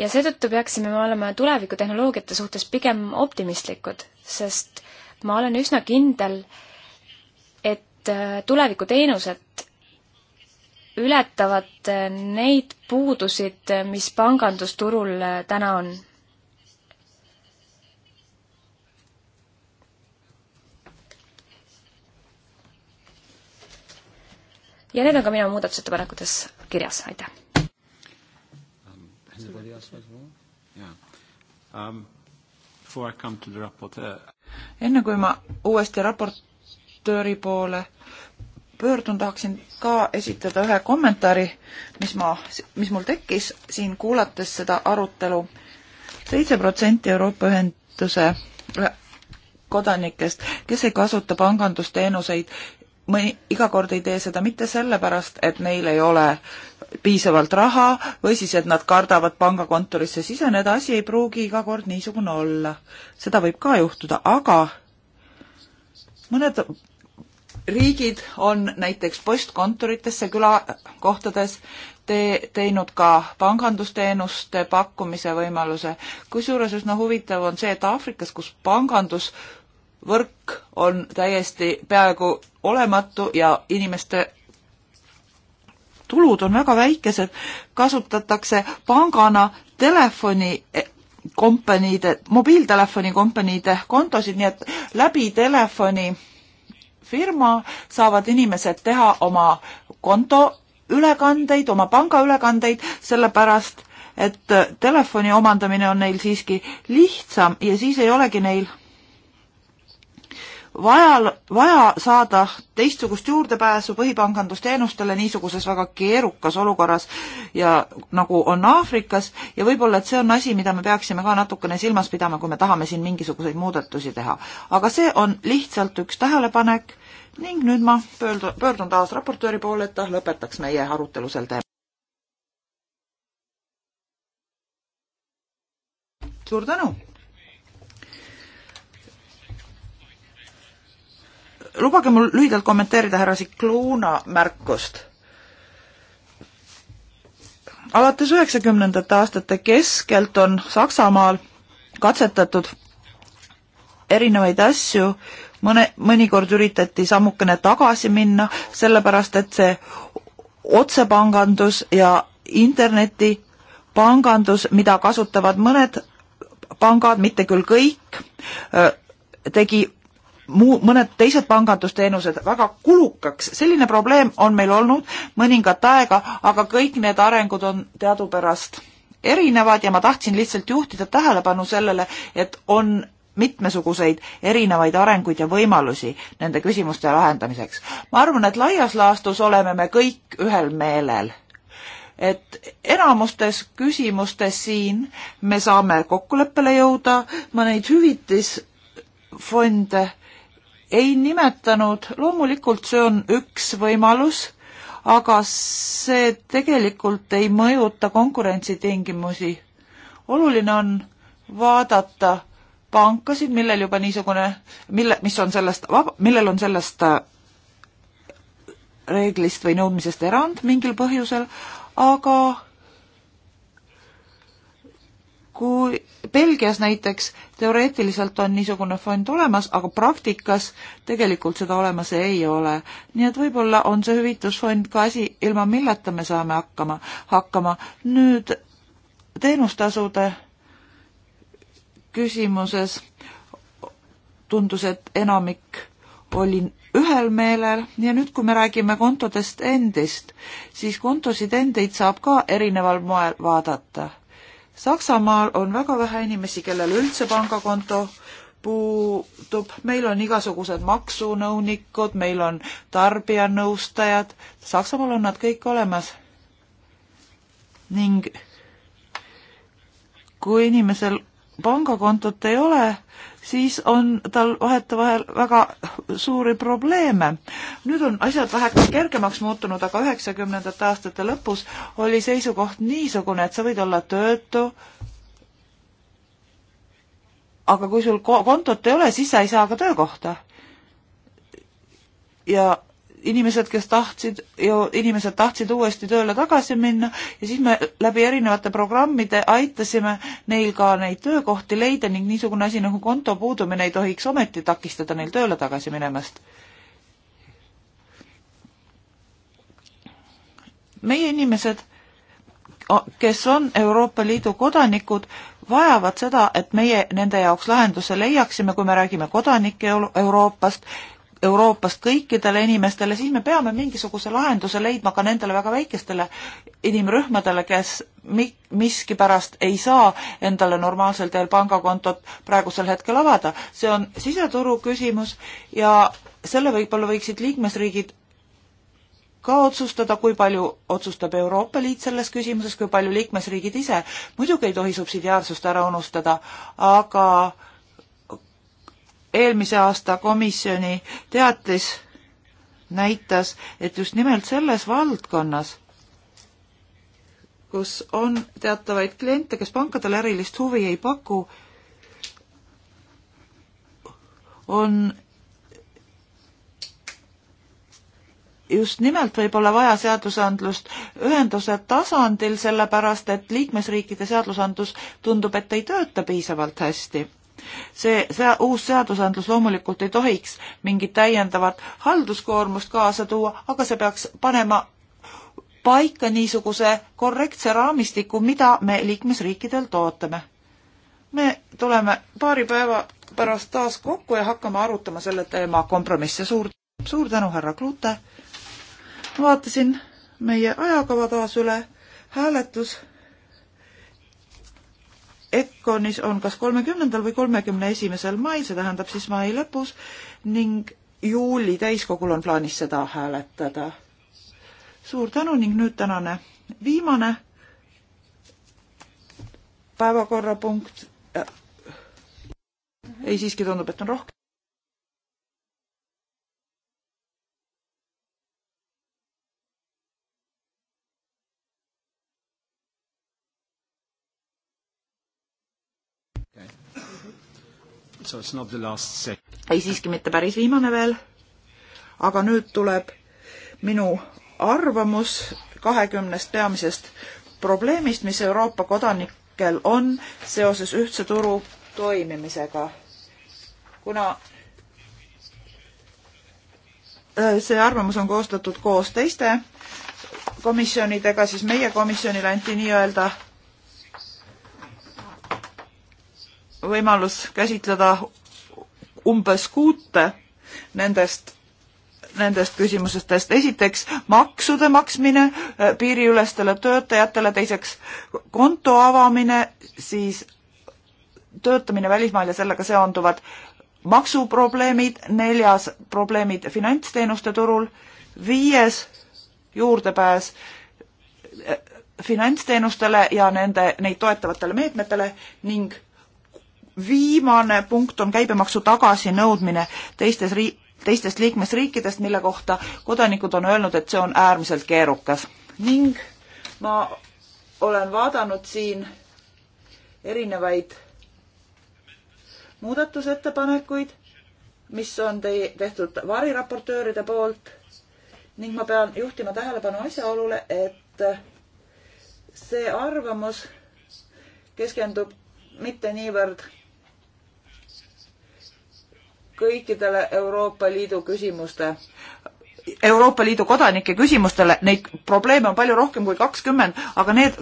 [SPEAKER 3] ja seetõttu peaksime me olema tulevikutehnoloogiate suhtes pigem optimistlikud, sest ma olen üsna kindel, et äh, tulevikuteenused ületavad äh, neid puudusid, äh, mis pangandusturul täna on ja need on ka minu muudatusettepanekutes kirjas, aitäh!
[SPEAKER 1] us as well? Yeah. Um, before I come to the rapporteur. enne kui ma uuesti raportööri poole pöördun, tahaksin ka esitada ühe kommentaari, mis ma, mis mul tekkis siin kuulates seda arutelu. seitse protsenti Euroopa Ühenduse kodanikest, kes ei kasuta pangandusteenuseid, mõni, iga kord ei tee seda mitte sellepärast, et neil ei ole äh, piisavalt raha või siis, et nad kardavad pangakontorisse siseneda, asi ei pruugi iga kord niisugune olla. seda võib ka juhtuda, aga mõned riigid on näiteks postkontoritesse külakohtades te-, teinud ka pangandusteenuste pakkumise võimaluse, kusjuures üsna huvitav on see, et Aafrikas, kus pangandus võrk on täiesti peaaegu olematu ja inimeste tulud on väga väikesed, kasutatakse pangana telefoni eh, kompaniide, mobiiltelefoni kompaniide kontosid, nii et läbi telefonifirma saavad inimesed teha oma kontoülekandeid, oma pangaülekandeid, sellepärast et eh, telefoni omandamine on neil siiski lihtsam ja siis ei olegi neil vaja, vaja saada teistsugust juurdepääsu põhipangandusteenustele niisuguses väga keerukas olukorras ja nagu on Aafrikas ja võib-olla, et see on asi, mida me peaksime ka natukene silmas pidama, kui me tahame siin mingisuguseid muudatusi teha. aga see on lihtsalt üks tähelepanek ning nüüd ma pöördu-, pöördun taas raportööri poole, et ta lõpetaks meie arutelu sel teemal. suur tänu! lubage mul lühidalt kommenteerida härra Sikluna märkust. alates üheksakümnendate aastate keskelt on Saksamaal katsetatud erinevaid asju, mõne, mõnikord üritati sammukene tagasi minna, sellepärast et see otsepangandus ja internetipangandus, mida kasutavad mõned pangad, mitte küll kõik, tegi muu, mõned teised pangandusteenused väga kulukaks. selline probleem on meil olnud mõningat aega, aga kõik need arengud on teadupärast erinevad ja ma tahtsin lihtsalt juhtida tähelepanu sellele, et on mitmesuguseid erinevaid arenguid ja võimalusi nende küsimuste lahendamiseks. ma arvan, et laias laastus oleme me kõik ühel meelel et enamustes küsimustes siin me saame kokkuleppele jõuda, ma neid hüvitisfonde ei nimetanud, loomulikult see on üks võimalus, aga see tegelikult ei mõjuta konkurentsitingimusi. oluline on vaadata pankasid, millel juba niisugune, mille, mis on sellest, millel on sellest äh, reeglist või nõudmisest erand mingil põhjusel, aga kui Belgias näiteks teoreetiliselt on niisugune fond olemas, aga praktikas tegelikult seda olemas ei ole. nii et võib-olla on see hüvitusfond ka asi, ilma milleta me saame hakkama, hakkama. nüüd teenustasude küsimuses tundus, et enamik oli ühel meelel ja nüüd, kui me räägime kontodest endist, siis kontosid endid saab ka erineval moel vaadata Saksamaal on väga vähe inimesi, kellel üldse pangakonto puudub, meil on igasugused maksunõunikud, meil on tarbijanõustajad, Saksamaal on nad kõik olemas. ning kui inimesel pangakontot ei ole, siis on tal vahetevahel väga suuri probleeme. nüüd on asjad väheke kergemaks muutunud, aga üheksakümnendate aastate lõpus oli seisukoht niisugune, et sa võid olla töötu, aga kui sul kontot ei ole, siis sa ei saa ka töökohta. ja inimesed, kes tahtsid, inimesed tahtsid uuesti tööle tagasi minna ja siis me läbi erinevate programmide aitasime neil ka neid töökohti leida ning niisugune asi nagu konto puudumine ei tohiks ometi takistada neil tööle tagasi minemast. meie inimesed, kes on Euroopa Liidu kodanikud, vajavad seda, et meie nende jaoks lahenduse leiaksime, kui me räägime kodanike Euroopast, Euroopast kõikidele inimestele, siis me peame mingisuguse lahenduse leidma ka nendele väga väikestele inimrühmadele, kes mi-, miskipärast ei saa endale normaalsel teel pangakontot praegusel hetkel avada. see on siseturu küsimus ja selle võib-olla võiksid liikmesriigid ka otsustada, kui palju otsustab Euroopa Liit selles küsimuses, kui palju liikmesriigid ise. muidugi ei tohi subsidiaarsust ära unustada, aga äh, eelmise aasta komisjoni teatis näitas, et just nimelt selles valdkonnas, kus on teatavaid kliente, kes pankadele ärilist huvi ei paku, on just nimelt võib-olla vaja seadusandlust ühenduse tasandil, sellepärast et liikmesriikide seadusandlus tundub, et ei tööta piisavalt hästi see, see uus seadusandlus loomulikult ei tohiks mingit täiendavat halduskoormust kaasa tuua, aga see peaks panema paika niisuguse korrektse raamistiku, mida me liikmesriikidelt ootame. me tuleme paari päeva pärast taas kokku ja hakkame arutama selle teema kompromisse. suur, suur tänu, härra Klute. vaatasin meie ajakava taas üle. hääletus EKONis on kas kolmekümnendal või kolmekümne esimesel mail, see tähendab siis mai lõpus ning juuli täiskogul on plaanis seda hääletada. suur tänu ning nüüd tänane viimane päevakorrapunkt. Äh, ei, siiski tundub, et on rohkem. so it's not the last set. ei, siiski mitte päris viimane veel. aga nüüd tuleb minu arvamus kahekümnest peamisest probleemist, mis Euroopa kodanikel on seoses ühtse turu toimimisega. kuna äh, see arvamus on koostatud koos teiste komisjonidega, siis meie komisjonile anti nii-öelda võimalus käsitleda umbes kuute nendest nendest küsimustest. esiteks maksude maksmine äh, piiriülestele töötajatele, teiseks konto avamine, siis töötamine välismaal ja sellega seonduvad maksuprobleemid, neljas probleemid finantsteenuste turul, viies juurdepääs äh, finantsteenustele ja nende, neid toetavatele meetmetele ning viimane punkt on käibemaksu tagasinõudmine teistes ri-, teistest liikmesriikidest, mille kohta kodanikud on öelnud, et see on äärmiselt keerukas. ning ma olen vaadanud siin erinevaid muudatusettepanekuid, mis on teie, tehtud variraportööride poolt ning ma pean juhtima tähelepanu asjaolule, et see arvamus keskendub mitte niivõrd kõikidele Euroopa Liidu küsimuste Euroopa Liidu kodanike küsimustele, neid probleeme on palju rohkem kui kakskümmend, aga need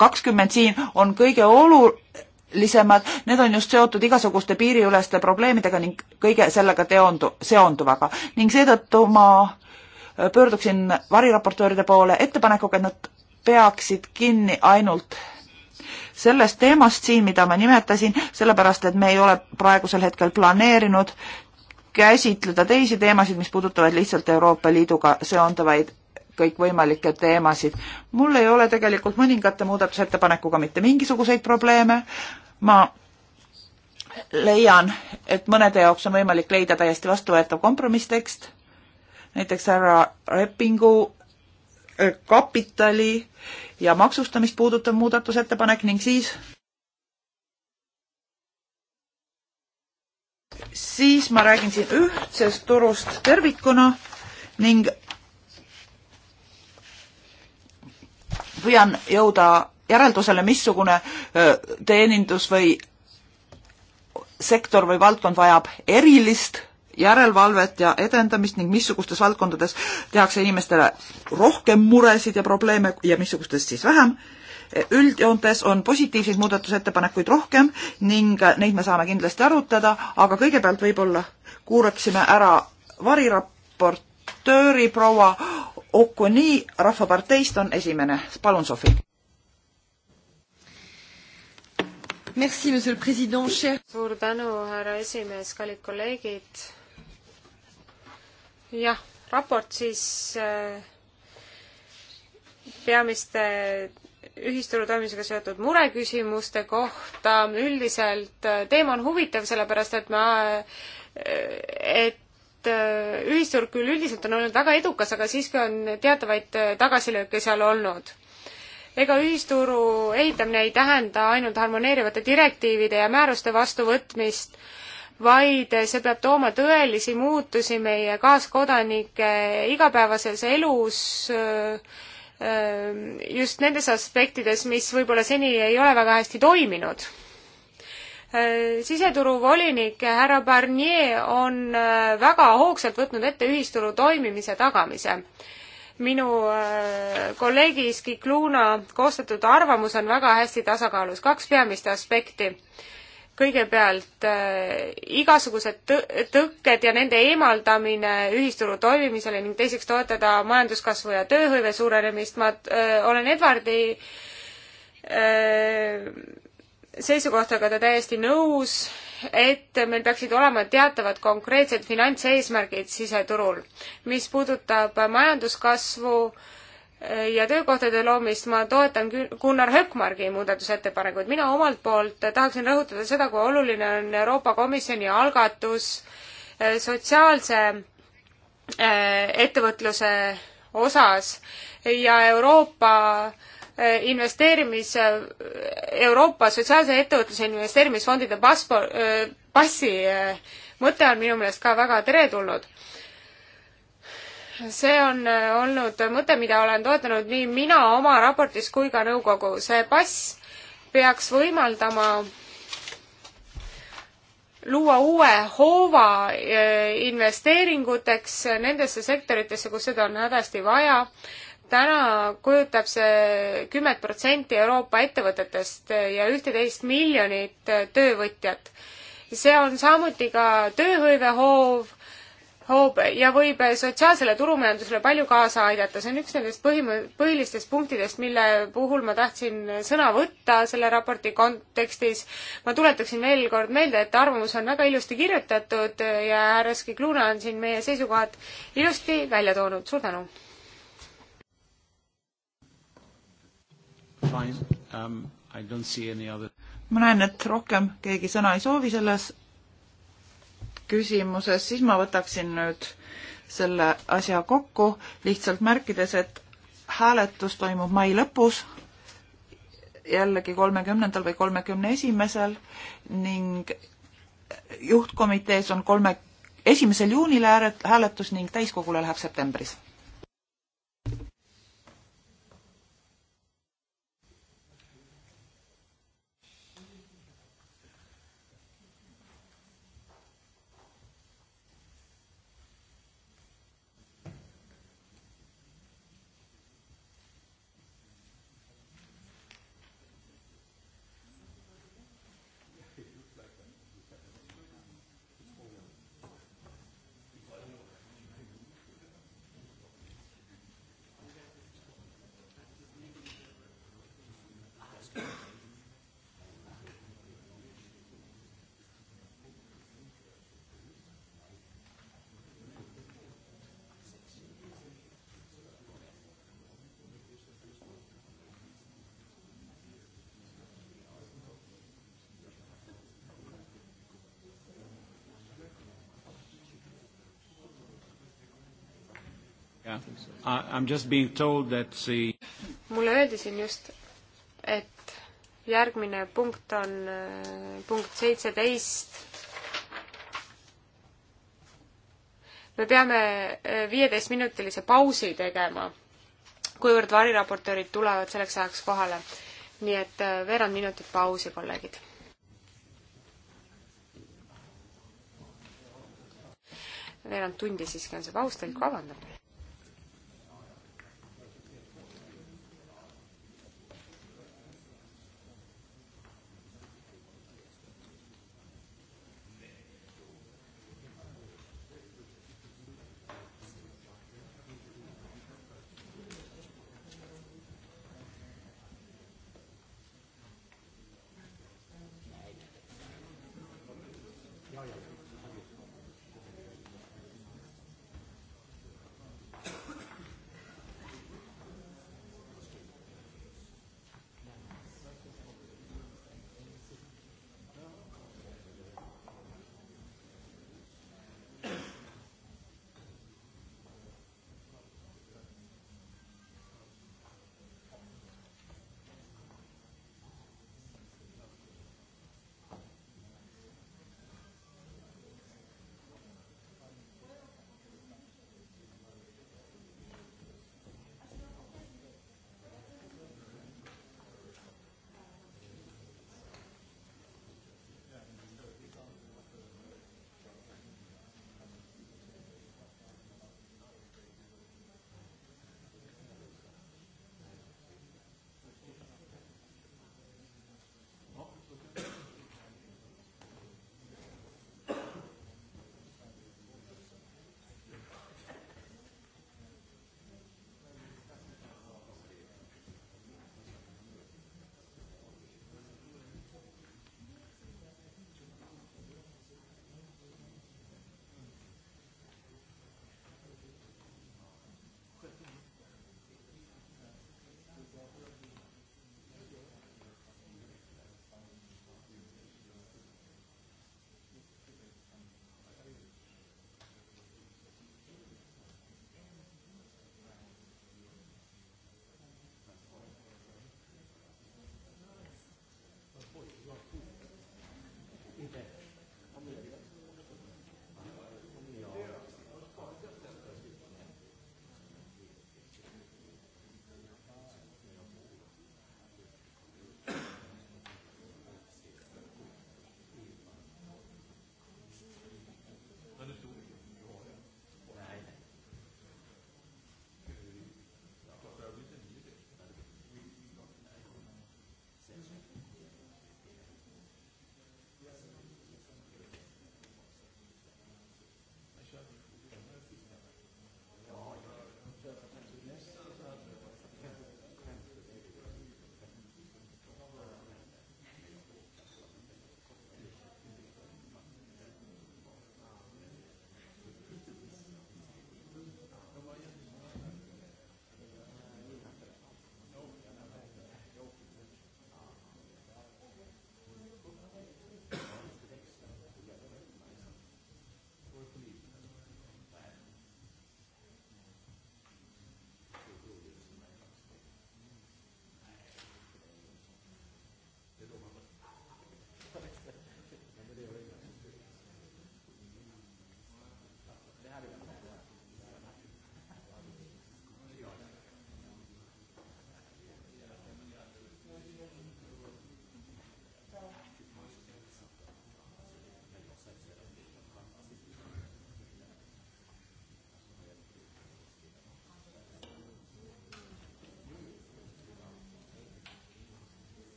[SPEAKER 1] kakskümmend siin on kõige olulisemad, need on just seotud igasuguste piiriüleste probleemidega ning kõige sellega teondu-, seonduvaga. ning seetõttu ma pöörduksin variraportööride poole ettepanekuga, et nad peaksid kinni ainult sellest teemast siin, mida ma nimetasin, sellepärast et me ei ole praegusel hetkel planeerinud käsitleda teisi teemasid, mis puudutavad lihtsalt Euroopa Liiduga seonduvaid kõikvõimalikke teemasid. mul ei ole tegelikult mõningate muudatusettepanekuga mitte mingisuguseid probleeme, ma leian, et mõnede jaoks on võimalik leida täiesti vastuvõetav kompromisstekst, näiteks härra Reppingu kapitali ja maksustamist puudutav muudatusettepanek ning siis siis ma räägin siin ühtsest turust tervikuna ning püüan jõuda järeldusele, missugune teenindus või sektor või valdkond vajab erilist järelevalvet ja edendamist ning missugustes valdkondades tehakse inimestele rohkem muresid ja probleeme ja missugustes siis vähem. üldjoontes on positiivseid muudatusettepanekuid rohkem ning neid me saame kindlasti arutada, aga kõigepealt võib-olla kuulaksime ära variraportööri proua Okuni Rahvaparteist on esimene. palun, Sofi. Merci, monsieur le président, cher.
[SPEAKER 2] suur tänu, härra esimees, kallid kolleegid jah, raport siis äh, peamiste ühisturu toimimisega seotud mureküsimuste kohta üldiselt. Äh, teema on huvitav, sellepärast et ma, äh, et ühisturg küll üldiselt on olnud väga edukas, aga siiski on teatavaid tagasilööke seal olnud. ega ühisturu ehitamine ei tähenda ainult harmoneerivate direktiivide ja määruste vastuvõtmist vaid see peab tooma tõelisi muutusi meie kaaskodanike igapäevases elus, just nendes aspektides, mis võib-olla seni ei ole väga hästi toiminud. siseturuvolinik härra Barnier on väga hoogsalt võtnud ette ühisturu toimimise tagamise minu kolleegi Skikluna koostatud arvamus on väga hästi tasakaalus, kaks peamist aspekti kõigepealt äh, igasugused tõ-, tõkked ja nende eemaldamine ühisturu toimimisele ning teiseks toetada majanduskasvu ja tööhõive suurenemist, ma äh, olen Edvardi äh, seisukohtaga täiesti nõus, et meil peaksid olema teatavad konkreetsed finantseesmärgid siseturul. mis puudutab majanduskasvu äh, ja töökohtade loomist ma toetan Gunnar Hökmargi muudatusettepanekuid. mina omalt poolt tahaksin rõhutada seda, kui oluline on Euroopa Komisjoni algatus eh, sotsiaalse eh, ettevõtluse osas ja Euroopa eh, investeerimis, Euroopa Sotsiaalse Ettevõtluse Investeerimisfondide passpor-, passi mõte on minu meelest ka väga teretulnud see on äh, olnud mõte, mida olen toetanud nii mina oma raportis kui ka nõukogu. see pass peaks võimaldama luua uue hoova äh, investeeringuteks nendesse sektoritesse, kus seda on hädasti vaja. täna kujutab see kümmet protsenti Euroopa ettevõtetest äh, ja ühteteist miljonit töövõtjat. see on samuti ka tööhõivehoov hoob ja võib sotsiaalsele turumajandusele palju kaasa aidata. see on üks nendest põhim-, põhilistest punktidest, mille puhul ma tahtsin sõna võtta selle raporti kontekstis. ma tuletaksin veel kord meelde, et arvamus on väga ilusti kirjutatud ja härra Skikluna on siin meie seisukohad ilusti välja toonud. suur tänu!
[SPEAKER 1] Fine. Um, I don't see any other ma näen, et rohkem keegi sõna ei soovi selles küsimuses, siis ma võtaksin nüüd selle asja kokku, lihtsalt märkides, et hääletus toimub mai lõpus, jällegi kolmekümnendal või kolmekümne esimesel ning juhtkomitees on kolme, esimesel juunil hääletus ning täiskogule läheb septembris See...
[SPEAKER 2] mulle öeldi siin just, et järgmine punkt on äh, punkt seitseteist. me peame äh, viieteistminutilise pausi tegema, kuivõrd variraportöörid tulevad selleks ajaks kohale. nii et äh, veerand minutit pausi, kolleegid veerand tundi siiski on see paus, teid vabandab.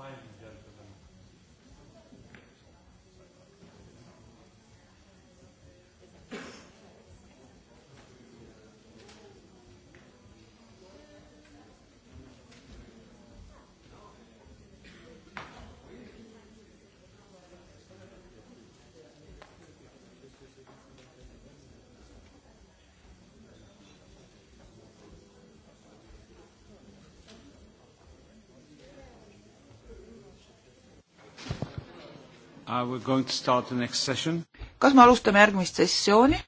[SPEAKER 2] time Uh,
[SPEAKER 1] kas me alustame järgmist sessiooni?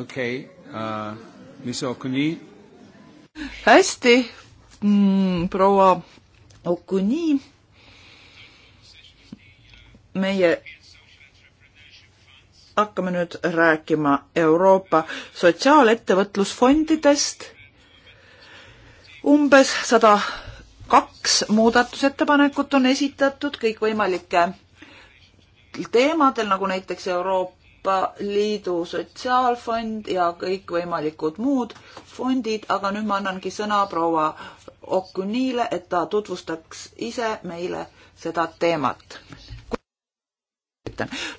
[SPEAKER 2] okei okay. uh,, mis Okuni?
[SPEAKER 1] hästi mm,, proua Okuni. meie hakkame nüüd rääkima Euroopa sotsiaalettevõtlusfondidest. umbes sada kaks muudatusettepanekut on esitatud kõikvõimalike teemadel, nagu näiteks Euroopa Euroopa Liidu Sotsiaalfond ja kõikvõimalikud muud fondid, aga nüüd ma annangi sõna proua Okunile, et ta tutvustaks ise meile seda teemat.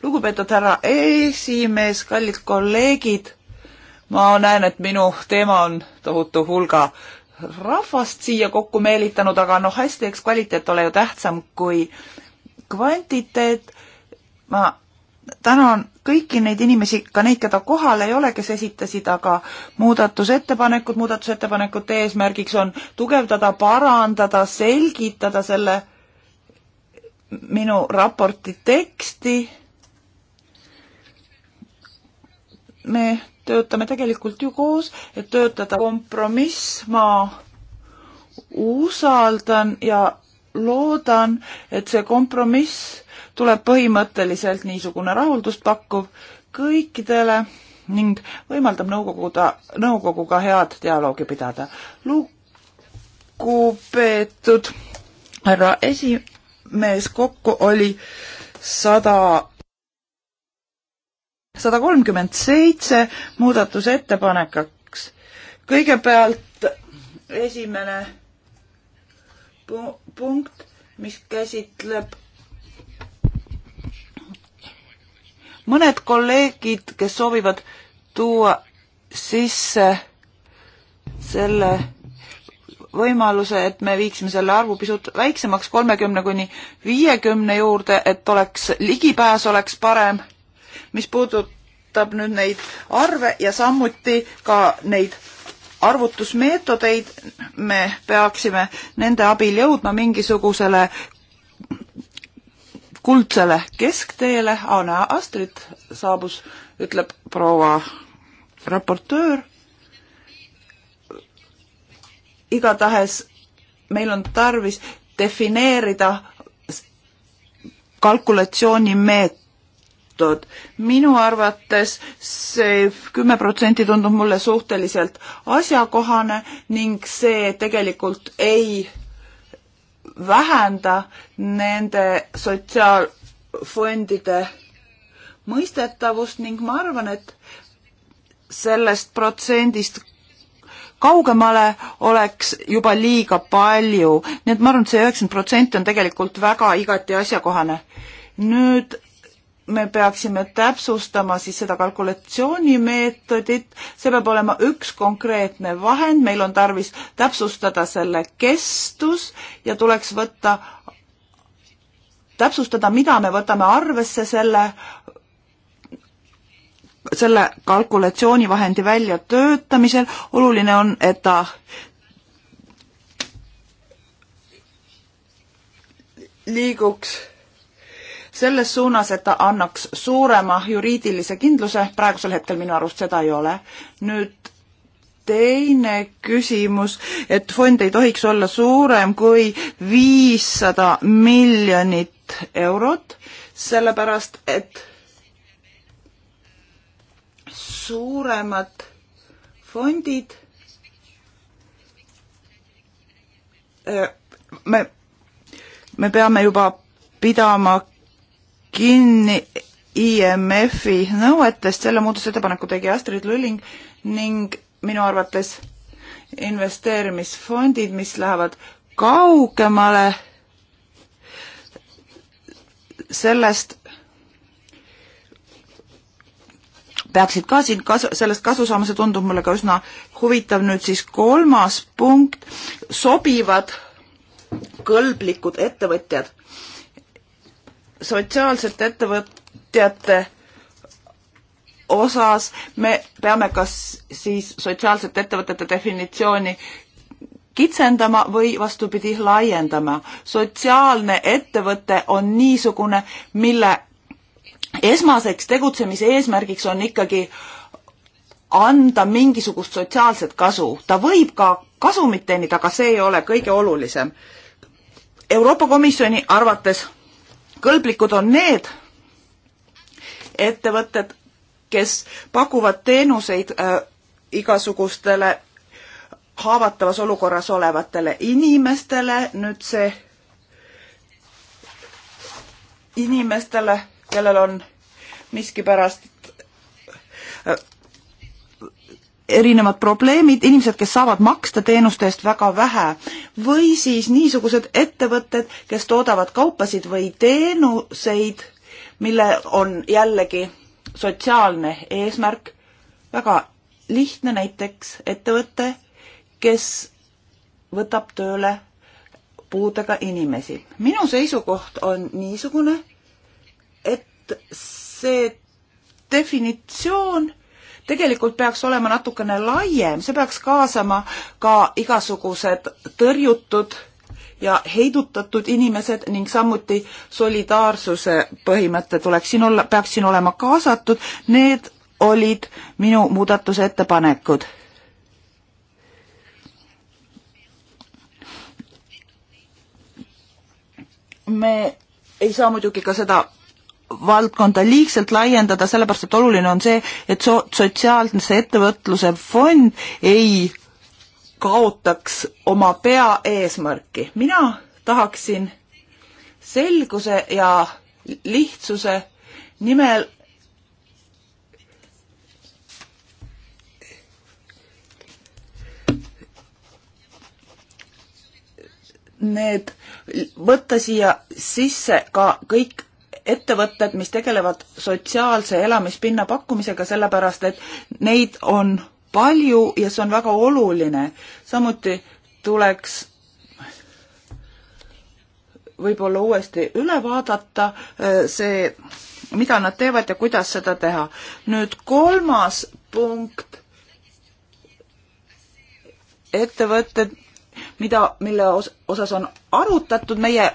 [SPEAKER 1] lugupeetud härra esimees, kallid kolleegid, ma näen, et minu teema on tohutu hulga rahvast siia kokku meelitanud, aga noh, hästi, eks kvaliteet ole ju tähtsam kui kvantiteet. ma tänan kõiki neid inimesi, ka neid, keda kohal ei ole, kes esitasid aga muudatusettepanekud, muudatusettepanekute eesmärgiks on tugevdada, parandada, selgitada selle minu raporti teksti. me töötame tegelikult ju koos, et töötada kompromiss, ma usaldan ja loodan, et see kompromiss tuleb põhimõtteliselt niisugune rahuldust pakkuv kõikidele ning võimaldab nõukoguda, nõukoguga head dialoogi pidada. lugupeetud härra esimees, kokku oli sada sada kolmkümmend seitse muudatusettepanekaks. kõigepealt esimene punkt, mis käsitleb mõned kolleegid, kes soovivad tuua sisse selle võimaluse, et me viiksime selle arvu pisut väiksemaks, kolmekümne kuni viiekümne juurde, et oleks, ligipääs oleks parem, mis puudutab nüüd neid arve ja samuti ka neid arvutusmeetodeid, me peaksime nende abil jõudma mingisugusele kuldsele keskteele. Anna Astrid saabus, ütleb proua raportöör. igatahes meil on tarvis defineerida kalkulatsioonimeetod. minu arvates see kümme protsenti tundub mulle suhteliselt asjakohane ning see tegelikult ei vähenda nende sotsiaalfondide mõistetavust ning ma arvan, et sellest protsendist kaugemale oleks juba liiga palju, nii et ma arvan, et see üheksakümmend protsenti on tegelikult väga igati asjakohane. nüüd me peaksime täpsustama siis seda kalkulatsioonimeetodit, see peab olema üks konkreetne vahend, meil on tarvis täpsustada selle kestus ja tuleks võtta, täpsustada, mida me võtame arvesse selle, selle kalkulatsioonivahendi väljatöötamisel, oluline on, et ta liiguks selles suunas, et ta annaks suurema juriidilise kindluse, praegusel hetkel minu arust seda ei ole. nüüd teine küsimus, et fond ei tohiks olla suurem kui viissada miljonit eurot, sellepärast et suuremad fondid äh, me, me peame juba pidama kinni IMF-i nõuetest, selle muudatusettepaneku tegi Astrid Lulling ning minu arvates investeerimisfondid, mis lähevad kaugemale sellest, peaksid ka siin kasu, sellest kasu saama, see tundub mulle ka üsna huvitav. nüüd siis kolmas punkt, sobivad kõlblikud ettevõtjad sotsiaalsete ettevõtjate osas me peame kas siis sotsiaalsete ettevõtete definitsiooni kitsendama või vastupidi laiendama. sotsiaalne ettevõte on niisugune, mille esmaseks tegutsemise eesmärgiks on ikkagi anda mingisugust sotsiaalset kasu. ta võib ka kasumit teenida, aga see ei ole kõige olulisem. Euroopa Komisjoni arvates kõlblikud on need ettevõtted, kes pakuvad teenuseid äh, igasugustele haavatavas olukorras olevatele inimestele, nüüd see inimestele, kellel on miskipärast äh, erinevad probleemid, inimesed, kes saavad maksta teenuste eest väga vähe või siis niisugused ettevõtted, kes toodavad kaupasid või teenuseid, mille on jällegi sotsiaalne eesmärk väga lihtne, näiteks ettevõte, kes võtab tööle puudega inimesi. minu seisukoht on niisugune, et see definitsioon tegelikult peaks olema natukene laiem, see peaks kaasama ka igasugused tõrjutud ja heidutatud inimesed ning samuti solidaarsuse põhimõte tuleks siin olla, peaks siin olema kaasatud, need olid minu muudatusettepanekud. me ei saa muidugi ka seda valdkonda liigselt laiendada, sellepärast et oluline on see, et so-, sotsiaalse ettevõtluse fond ei kaotaks oma peaeesmärki. mina tahaksin selguse ja lihtsuse nimel need, võtta siia sisse ka kõik ettevõtted, mis tegelevad sotsiaalse elamispinna pakkumisega, sellepärast et neid on palju ja see on väga oluline. samuti tuleks võib-olla uuesti üle vaadata äh, see, mida nad teevad ja kuidas seda teha. nüüd kolmas punkt, ettevõtted, mida, mille osas on arutatud meie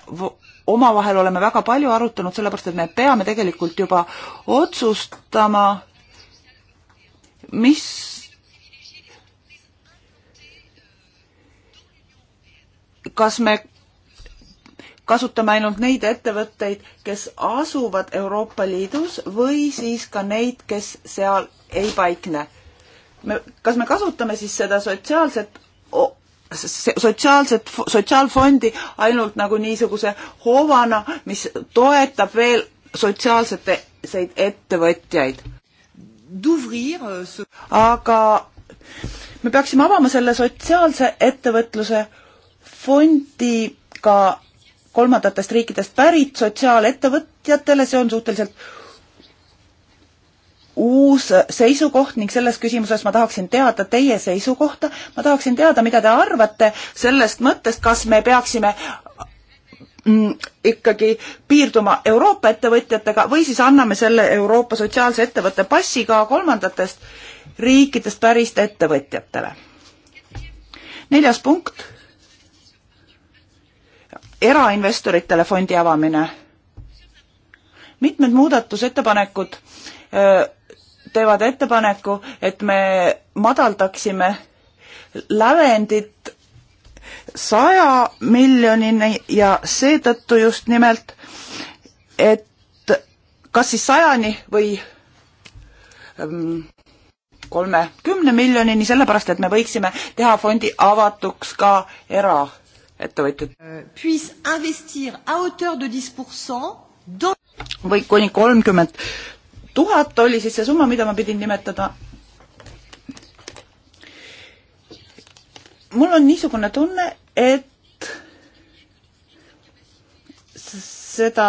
[SPEAKER 1] omavahel oleme väga palju arutanud, sellepärast et me peame tegelikult juba otsustama, mis kas me kasutame ainult neid ettevõtteid, kes asuvad Euroopa Liidus või siis ka neid, kes seal ei paikne. me, kas me kasutame siis seda sotsiaalset sotsiaalset, sotsiaalfondi ainult nagu niisuguse hoovana, mis toetab veel sotsiaalsete ettevõtjaid. Euh, aga me peaksime avama selle sotsiaalse ettevõtluse fondi ka kolmandatest riikidest pärit sotsiaalettevõtjatele, see on suhteliselt uus seisukoht ning selles küsimuses ma tahaksin teada teie seisukohta. ma tahaksin teada, mida te arvate sellest mõttest, kas me peaksime mm, ikkagi piirduma Euroopa ettevõtjatega või siis anname selle Euroopa sotsiaalse ettevõtte passi ka kolmandatest riikidest pärist ettevõtjatele. neljas punkt. erainvestoritele fondi avamine. mitmed muudatusettepanekud öö, teevad ettepaneku, et me madaldaksime lävendit saja miljonini ja seetõttu just nimelt, et kas siis sajani või ähm, kolmekümne miljonini, sellepärast et me võiksime teha fondi avatuks ka eraettevõtjad. või kuni kolmkümmend tuhat oli siis see summa, mida ma pidin nimetada. mul on niisugune tunne, et seda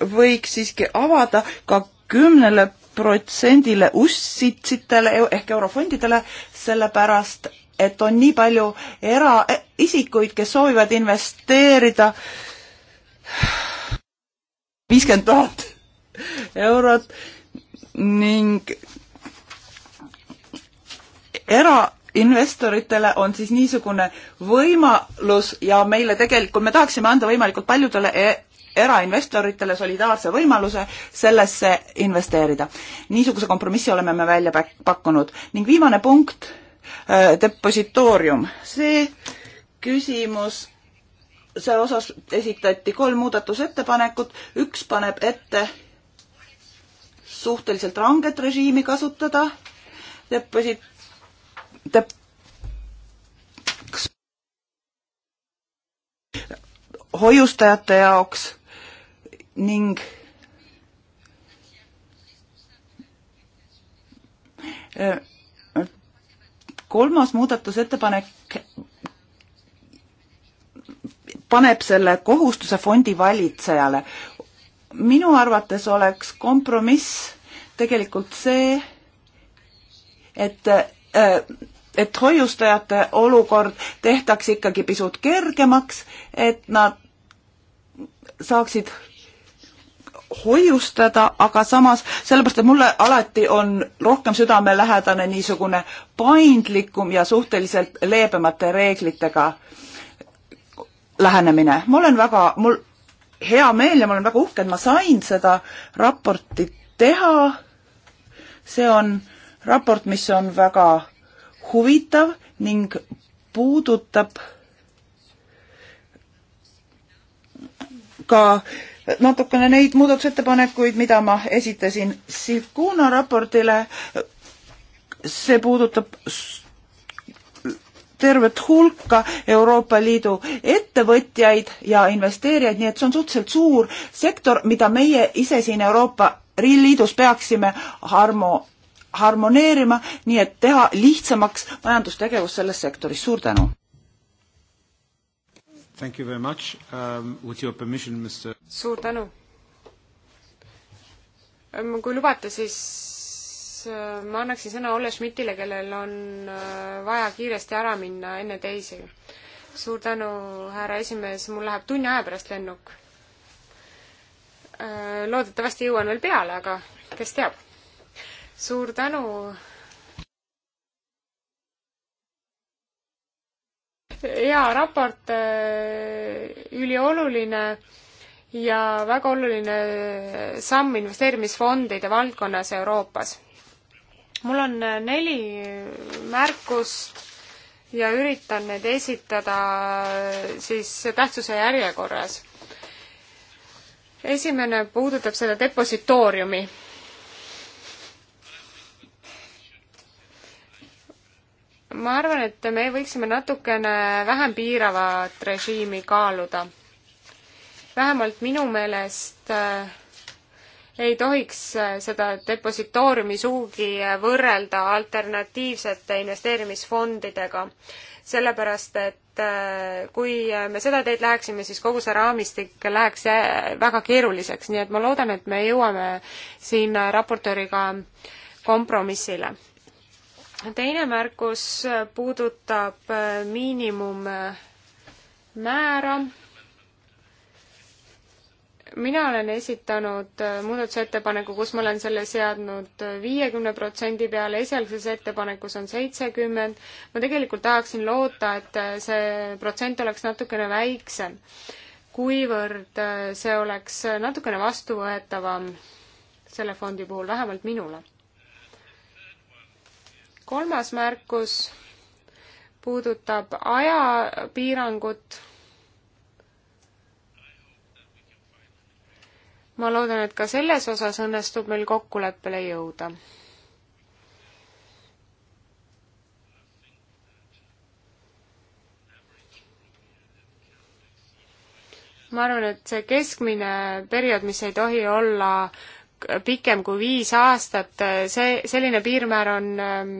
[SPEAKER 1] võiks siiski avada ka kümnele protsendile ussitsitele ehk eurofondidele, sellepärast et on nii palju eraisikuid, kes soovivad investeerida viiskümmend tuhat eurot ning erainvestoritele on siis niisugune võimalus ja meile tegelikult, me tahaksime anda võimalikult paljudele e erainvestoritele solidaarse võimaluse sellesse investeerida. niisuguse kompromissi oleme me välja pakkunud ning viimane punkt äh,, depositoorium, see küsimus, selle osas esitati kolm muudatusettepanekut, üks paneb ette äh, suhteliselt ranget režiimi kasutada. Deposit-, dep-, hoiustajate jaoks ning kolmas muudatusettepanek paneb selle kohustuse fondi valitsejale minu arvates oleks kompromiss tegelikult see, et, äh, et hoiustajate olukord tehtaks ikkagi pisut kergemaks, et nad saaksid hoiustada, aga samas sellepärast, et mulle alati on rohkem südamelähedane niisugune paindlikum ja suhteliselt leebemate reeglitega lähenemine. ma olen väga, mul hea meel ja ma olen väga uhke, et ma sain seda raportit teha. see on raport, mis on väga huvitav ning puudutab ka natukene neid muudatusettepanekuid, mida ma esitasin Sikuna raportile. see puudutab tervet hulka Euroopa Liidu ettevõtjaid ja investeerijaid, nii et see on suhteliselt suur sektor, mida meie ise siin Euroopa Liidus peaksime harmo-, harmoneerima, nii et teha lihtsamaks majandustegevus selles sektoris, suur tänu! Thank you very much. Um, with your permission, Mr.
[SPEAKER 2] suur tänu. kui lubate, siis Äh, ma annaksin sõna Olle Schmidtile, kellel on äh, vaja kiiresti ära minna enne teisi. suur tänu, härra esimees, mul läheb tunni aja pärast lennuk. Äh, loodetavasti jõuan veel peale, aga kes teab. suur tänu hea raport, ülioluline ja väga oluline samm investeerimisfondide valdkonnas Euroopas mul on äh, neli märkust ja üritan need esitada äh, siis tähtsuse järjekorras. esimene puudutab seda depositooriumi. ma arvan, et me võiksime natukene vähem piiravat režiimi kaaluda. vähemalt minu meelest äh, ei tohiks äh, seda depositooriumi sugugi äh, võrrelda alternatiivsete investeerimisfondidega, sellepärast et äh, kui me seda teed läheksime, siis kogu see raamistik läheks väga keeruliseks, nii et ma loodan, et me jõuame siin raportööriga kompromissile. teine märkus puudutab miinimummäära mina olen esitanud äh, muudatusettepaneku, kus ma olen selle seadnud äh, viiekümne protsendi peale, esialgses ettepanekus on seitsekümmend. ma tegelikult tahaksin loota, et äh, see protsent oleks natukene väiksem, kuivõrd see oleks natukene vastuvõetavam selle fondi puhul, vähemalt minule. kolmas märkus puudutab ajapiirangut ma loodan, et ka selles osas õnnestub meil kokkuleppele jõuda. ma arvan, et see keskmine periood, mis ei tohi olla pikem kui viis aastat, see, selline piirmäär on ähm,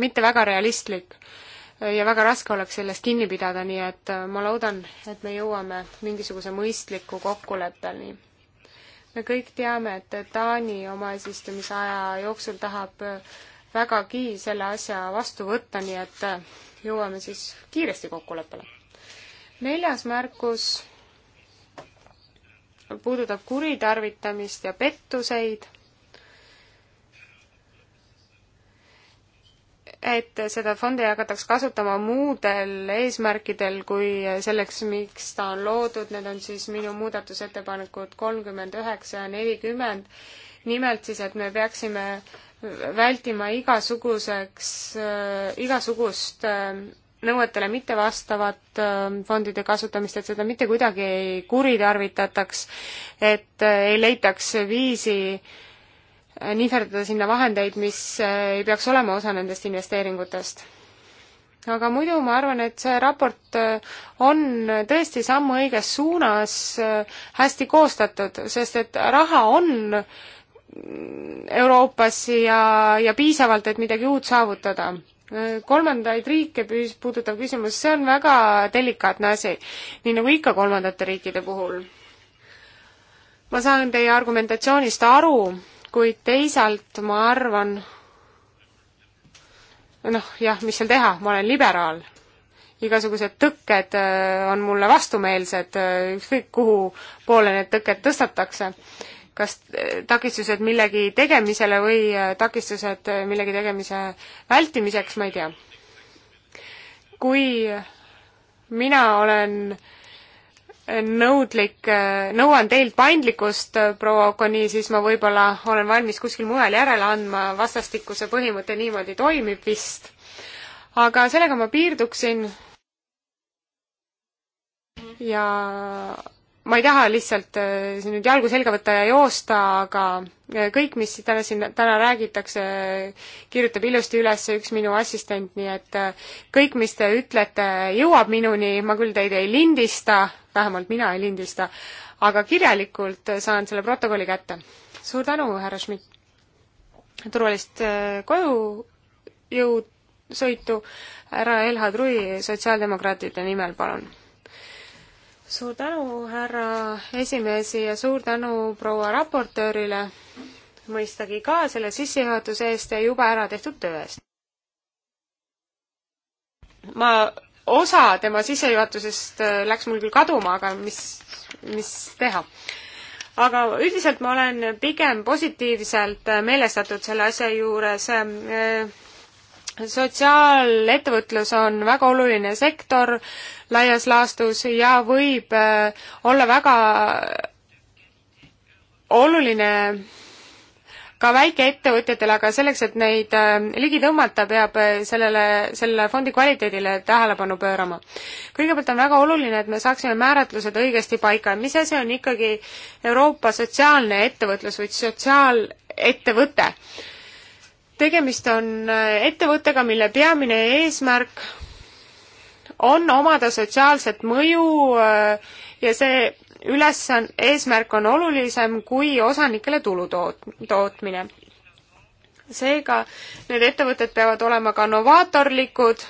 [SPEAKER 2] mitte väga realistlik ja väga raske oleks sellest kinni pidada, nii et äh, ma loodan, et me jõuame mingisuguse mõistliku kokkuleppeni me kõik teame, et Taani oma eesistumise aja jooksul tahab vägagi selle asja vastu võtta, nii et jõuame siis kiiresti kokkuleppele. neljas märkus puudutab kuritarvitamist ja pettuseid et seda fondi hakataks kasutama muudel eesmärkidel kui selleks, miks ta on loodud, need on siis minu muudatusettepanekud kolmkümmend üheksa ja nelikümmend. nimelt siis, et me peaksime vältima igasuguseks, äh, igasugust äh, nõuetele mittevastavat äh, fondide kasutamist, et seda mitte kuidagi ei kuritarvitataks, et ei leitaks viisi nihverdada sinna vahendeid, mis äh, ei peaks olema osa nendest investeeringutest. aga muidu ma arvan, et see raport äh, on tõesti samm õiges suunas, äh, hästi koostatud, sest et raha on mm, Euroopas ja, ja piisavalt, et midagi uut saavutada kolmandaid riike puudutav küsimus, see on väga delikaatne asi, nii nagu ikka kolmandate riikide puhul. ma saan teie argumentatsioonist aru, kuid teisalt ma arvan, noh jah, mis seal teha, ma olen liberaal. igasugused tõkked äh, on mulle vastumeelsed, äh, ükskõik kuhu poole need tõkked tõstatakse. kas äh, takistused millegi tegemisele või takistused millegi tegemise vältimiseks, ma ei tea. kui mina olen äh, nõudlik, nõuan teilt paindlikkust, proua Okoni, siis ma võib-olla olen valmis kuskil mujal järele andma, vastastikuse põhimõte niimoodi toimib vist. aga sellega ma piirduksin. ja ma ei taha lihtsalt eh, siin nüüd jalgu selga võtta ja joosta, aga eh, kõik, mis täna siin, täna räägitakse, kirjutab ilusti üles üks minu assistent, nii et eh, kõik, mis te ütlete, jõuab minuni, ma küll teid ei lindista, vähemalt mina ei lindista, aga kirjalikult saan selle protokolli kätte. suur tänu, härra Schmidt! turvalist äh, koju jõusõitu, härra Elha Trui sotsiaaldemokraatide nimel, palun! suur tänu, härra esimees ja suur tänu proua raportöörile mõistagi ka selle sissejuhatuse eest ja juba ära tehtud töö eest. ma osa tema sissejuhatusest äh, läks mul küll kaduma, aga mis, mis teha. aga üldiselt ma olen pigem positiivselt äh, meelestatud selle asja juures. Äh, sotsiaalettevõtlus on väga oluline sektor laias laastus ja võib olla väga oluline ka väikeettevõtjatele, aga selleks, et neid äh, ligi tõmmata, peab äh, sellele, selle fondi kvaliteedile tähelepanu pöörama. kõigepealt on väga oluline, et me saaksime määratlused õigesti paika, mis asi on ikkagi Euroopa sotsiaalne ettevõtlus või sotsiaalettevõte. tegemist on äh, ettevõttega, mille peamine eesmärk on omada sotsiaalset mõju ja see ülesann-, eesmärk on olulisem kui osanikele tulu toot-, tootmine. seega need ettevõtted peavad olema ka novaatorlikud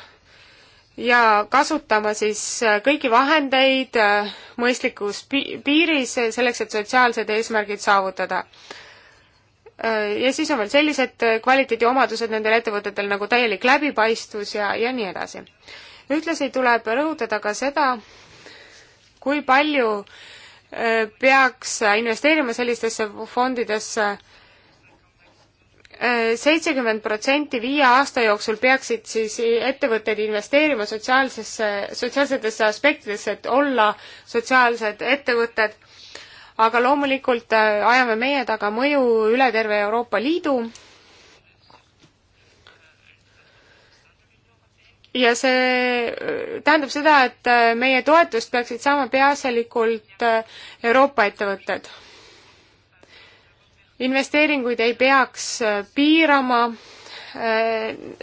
[SPEAKER 2] ja kasutama siis äh, kõiki vahendeid äh, mõistlikus pi-, piiris, äh, selleks et sotsiaalsed eesmärgid saavutada ja siis on veel sellised kvaliteediomadused nendel ettevõtetel nagu täielik läbipaistvus ja, ja nii edasi. ühtlasi tuleb rõhutada ka seda, kui palju peaks investeerima sellistesse fondidesse. seitsekümmend protsenti viie aasta jooksul peaksid siis ettevõtted investeerima sotsiaalsesse, sotsiaalsetesse aspektidesse, et olla sotsiaalsed ettevõtted. aga loomulikult äh, ajame meie taga mõju üle terve Euroopa Liidu ja see äh, tähendab seda, et äh, meie toetust peaksid saama peaasjalikult äh, Euroopa ettevõtted. investeeringuid ei peaks piirama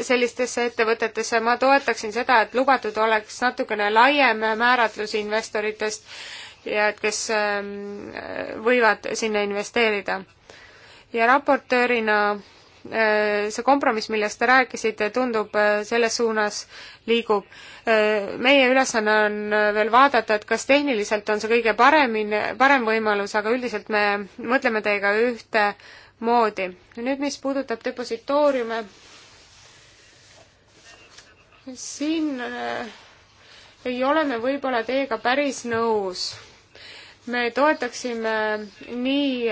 [SPEAKER 2] sellistesse ettevõtetesse, ma toetaksin seda, et lubatud oleks natukene laiem määratlus investoritest ja et kes ähm, võivad sinna investeerida. ja raportöörina Äh, see kompromiss, millest te rääkisite, tundub äh, selles suunas liigub. Äh, meie ülesanne on veel vaadata, et kas tehniliselt on see kõige paremini, parem võimalus, aga üldiselt me mõtleme teiega ühtemoodi. nüüd, mis puudutab depositooriume, siin ei ole me võib-olla teiega päris nõus. me toetaksime nii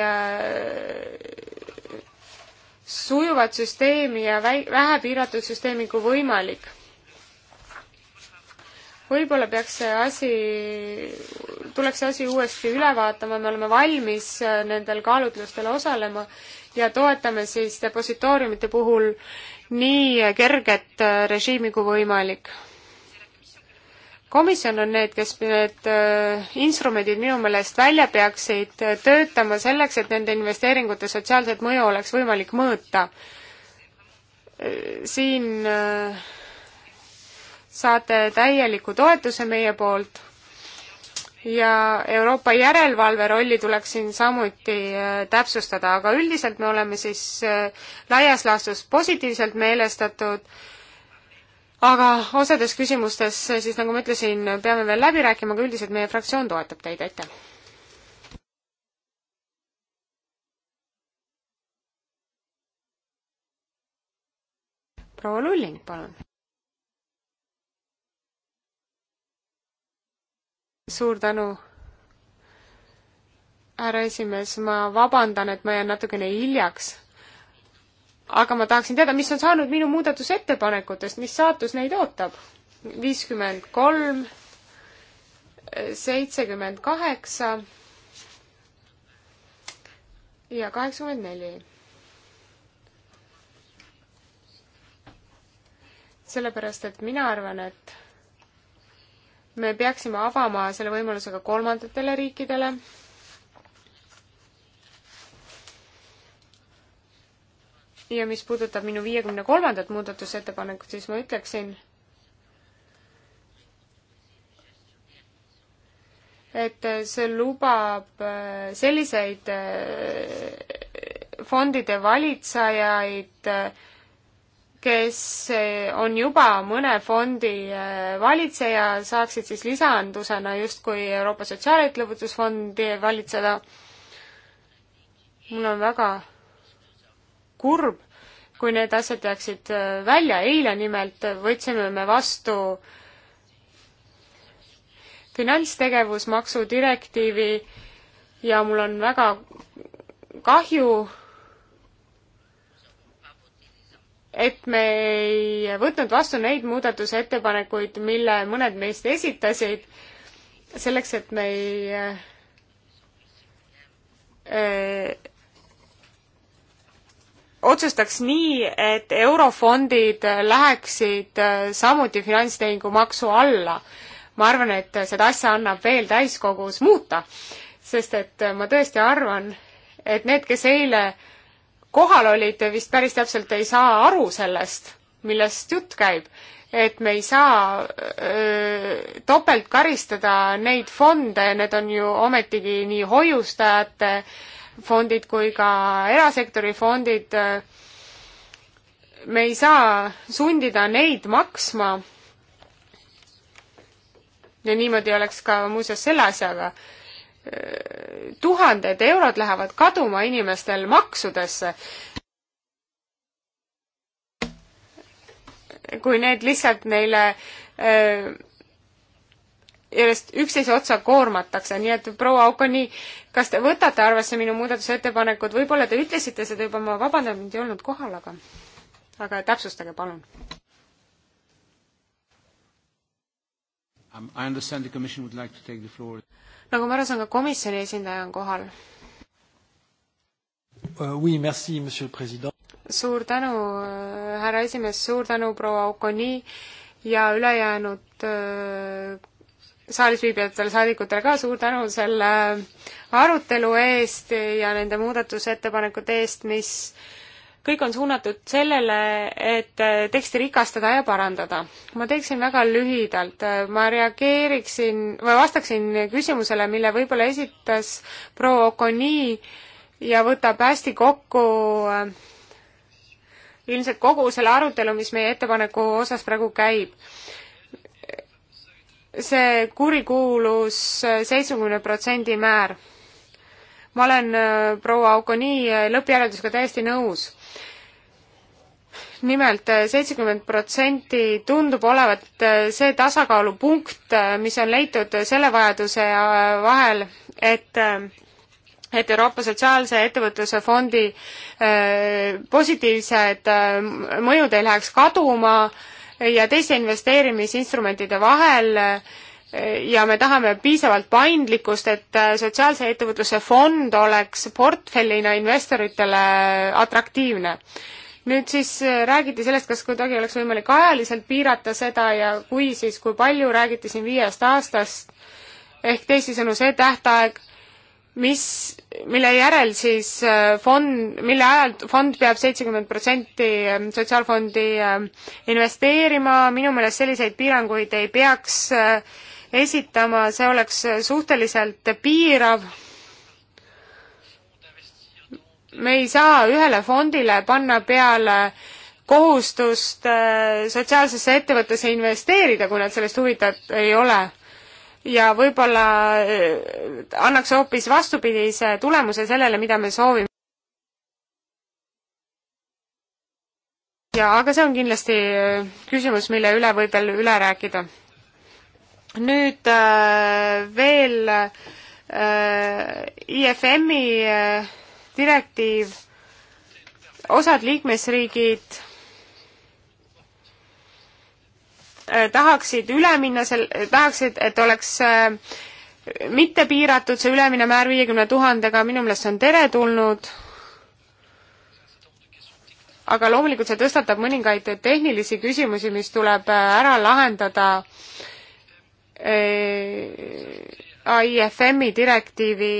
[SPEAKER 2] sujuvat süsteemi ja väi-, vähe piiratud süsteemi kui võimalik. võib-olla peaks see asi, tuleks see asi uuesti üle vaatama, me oleme valmis äh, nendel kaalutlustel osalema ja toetame siis depositooriumite puhul nii kerget äh, režiimi kui võimalik komisjon on need, kes need äh, instrumendid minu meelest välja peaksid äh, töötama selleks, et nende investeeringute sotsiaalset mõju oleks võimalik mõõta. Äh, siin saate täieliku toetuse meie poolt ja Euroopa järelevalve rolli tuleks siin samuti täpsustada, aga üldiselt me oleme siis laias laastus positiivselt meelestatud aga osades küsimustes siis, nagu ma ütlesin, peame veel läbi rääkima, aga üldiselt meie fraktsioon toetab teid, aitäh! proua Lulling, palun! suur tänu, härra esimees, ma vabandan, et ma jään natukene hiljaks aga ma tahaksin teada, mis on saanud minu muudatusettepanekutest, mis saatus neid ootab? viiskümmend kolm, seitsekümmend kaheksa ja kaheksakümmend neli. sellepärast, et mina arvan, et me peaksime avama selle võimaluse ka kolmandatele riikidele ja mis puudutab minu viiekümne kolmandat muudatusettepanekut, siis ma ütleksin, et see lubab äh, selliseid äh, fondide valitsejaid, äh, kes on juba mõne fondi valitseja, saaksid siis lisandusena justkui Euroopa Sotsiaaletteluvutusfondi valitseda. mul on väga kurb, kui need asjad jääksid äh, välja. eile nimelt võtsime me vastu finantstegevusmaksu direktiivi ja mul on väga kahju, et me ei võtnud vastu neid muudatusettepanekuid, mille mõned meist esitasid, selleks et me ei äh, otsustaks nii, et eurofondid läheksid äh, samuti finantstehingu maksu alla. ma arvan, et seda asja annab veel täiskogus muuta, sest et ma tõesti arvan, et need, kes eile kohal olid, vist päris täpselt ei saa aru sellest, millest jutt käib. et me ei saa öö, äh, topelt karistada neid fonde, need on ju ometigi nii hoiustajate öö, fondid kui ka erasektori fondid, me ei saa sundida neid maksma. ja niimoodi oleks ka muuseas selle asjaga. tuhanded eurod lähevad kaduma inimestel maksudesse. kui need lihtsalt neile öö, järjest üksteise otsa koormatakse, nii et proua Aukoni, kas te võtate arvesse minu muudatusettepanekud, võib-olla te ütlesite seda juba, ma vabandan, mind ei olnud kohal, aga aga täpsustage, palun. Um, like nagu ma aru saan, ka komisjoni esindaja on kohal uh,. Oui, merci, monsieur president. suur tänu, härra esimees, suur tänu, proua Okoni ja ülejäänud uh, saalis viibivatele saadikutele ka suur tänu selle arutelu eest ja nende muudatusettepanekute eest, mis kõik on suunatud sellele, et teksti rikastada ja parandada. ma teeksin väga lühidalt, ma reageeriksin või vastaksin küsimusele, mille võib-olla esitas proua Okoni ja võtab hästi kokku äh, ilmselt kogu selle arutelu, mis meie ettepaneku osas praegu käib see kurikuulus seitsmekümne protsendi määr. ma olen äh, proua Aukoni äh, lõppjäreldusega täiesti nõus nimelt äh, seitsekümmend protsenti tundub olevat see tasakaalupunkt, mis on leitud selle vajaduse vahel, et et Euroopa Sotsiaalse Ettevõtluse Fondi positiivsed mõjud ei läheks kaduma äh, ja teiste investeerimisinstrumentide vahel eh, ja me tahame piisavalt paindlikkust, et eh, sotsiaalse ettevõtluse fond oleks portfellina investoritele atraktiivne. nüüd siis eh, räägiti sellest, kas kuidagi oleks võimalik ajaliselt piirata seda ja kui, siis kui palju, räägiti siin viiest aastast, ehk teisisõnu see tähtaeg, mis, mille järel siis äh, fond, mille ajal fond peab seitsekümmend protsenti ähm, sotsiaalfondi ähm, investeerima, minu meelest selliseid piiranguid ei peaks äh, esitama, see oleks äh, suhteliselt piirav. me ei saa ühele fondile panna peale kohustust sotsiaalsesse ettevõttesse investeerida, kui nad sellest huvitatud ei ole ja võib-olla äh, annaks hoopis vastupidise tulemuse sellele, mida me soovime. ja aga see on kindlasti äh, küsimus, mille üle võib veel üle rääkida. nüüd äh, veel äh, IFM-i äh, direktiiv, osad liikmesriigid Äh, tahaksid üle minna sel-, tahaksid, et oleks äh, mitte piiratud see ülemine määr viiekümne tuhandega, minu meelest see on teretulnud, aga loomulikult see tõstatab mõningaid tehnilisi küsimusi, mis tuleb äh, ära lahendada IFM-i direktiivi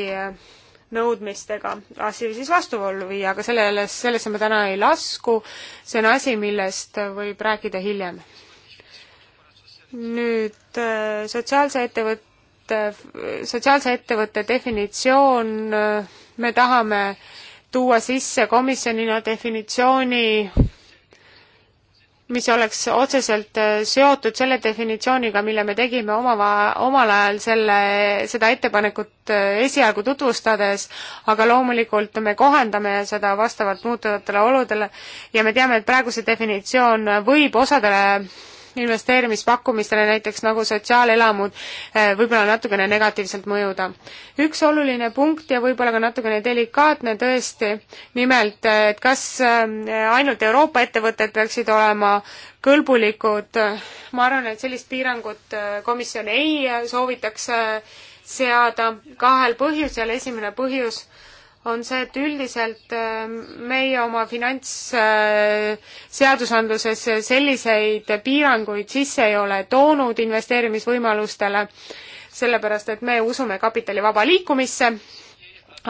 [SPEAKER 2] nõudmistega asi ah, siis vastuvoolu viia, aga selles, sellesse ma täna ei lasku, see on asi, millest võib rääkida hiljem nüüd äh, sotsiaalse ettevõtte, sotsiaalse ettevõtte definitsioon, äh, me tahame tuua sisse komisjonina definitsiooni, mis oleks otseselt äh, seotud selle definitsiooniga, mille me tegime oma, omal ajal selle, seda ettepanekut esialgu tutvustades, aga loomulikult me kohendame seda vastavalt muutuvatele oludele ja me teame, et praegu see definitsioon võib osadele investeerimispakkumistele, näiteks nagu sotsiaalelamud, eh, võib-olla natukene negatiivselt mõjuda. üks oluline punkt ja võib-olla ka natukene delikaatne tõesti, nimelt, eh, et kas eh, ainult Euroopa ettevõtted peaksid olema kõlbulikud, ma arvan, et sellist piirangut komisjon ei soovitaks seada kahel põhjusel, esimene põhjus on see, et üldiselt äh, meie oma finantsseadusandluses selliseid piiranguid sisse ei ole toonud investeerimisvõimalustele, sellepärast et me usume kapitali vaba liikumisse,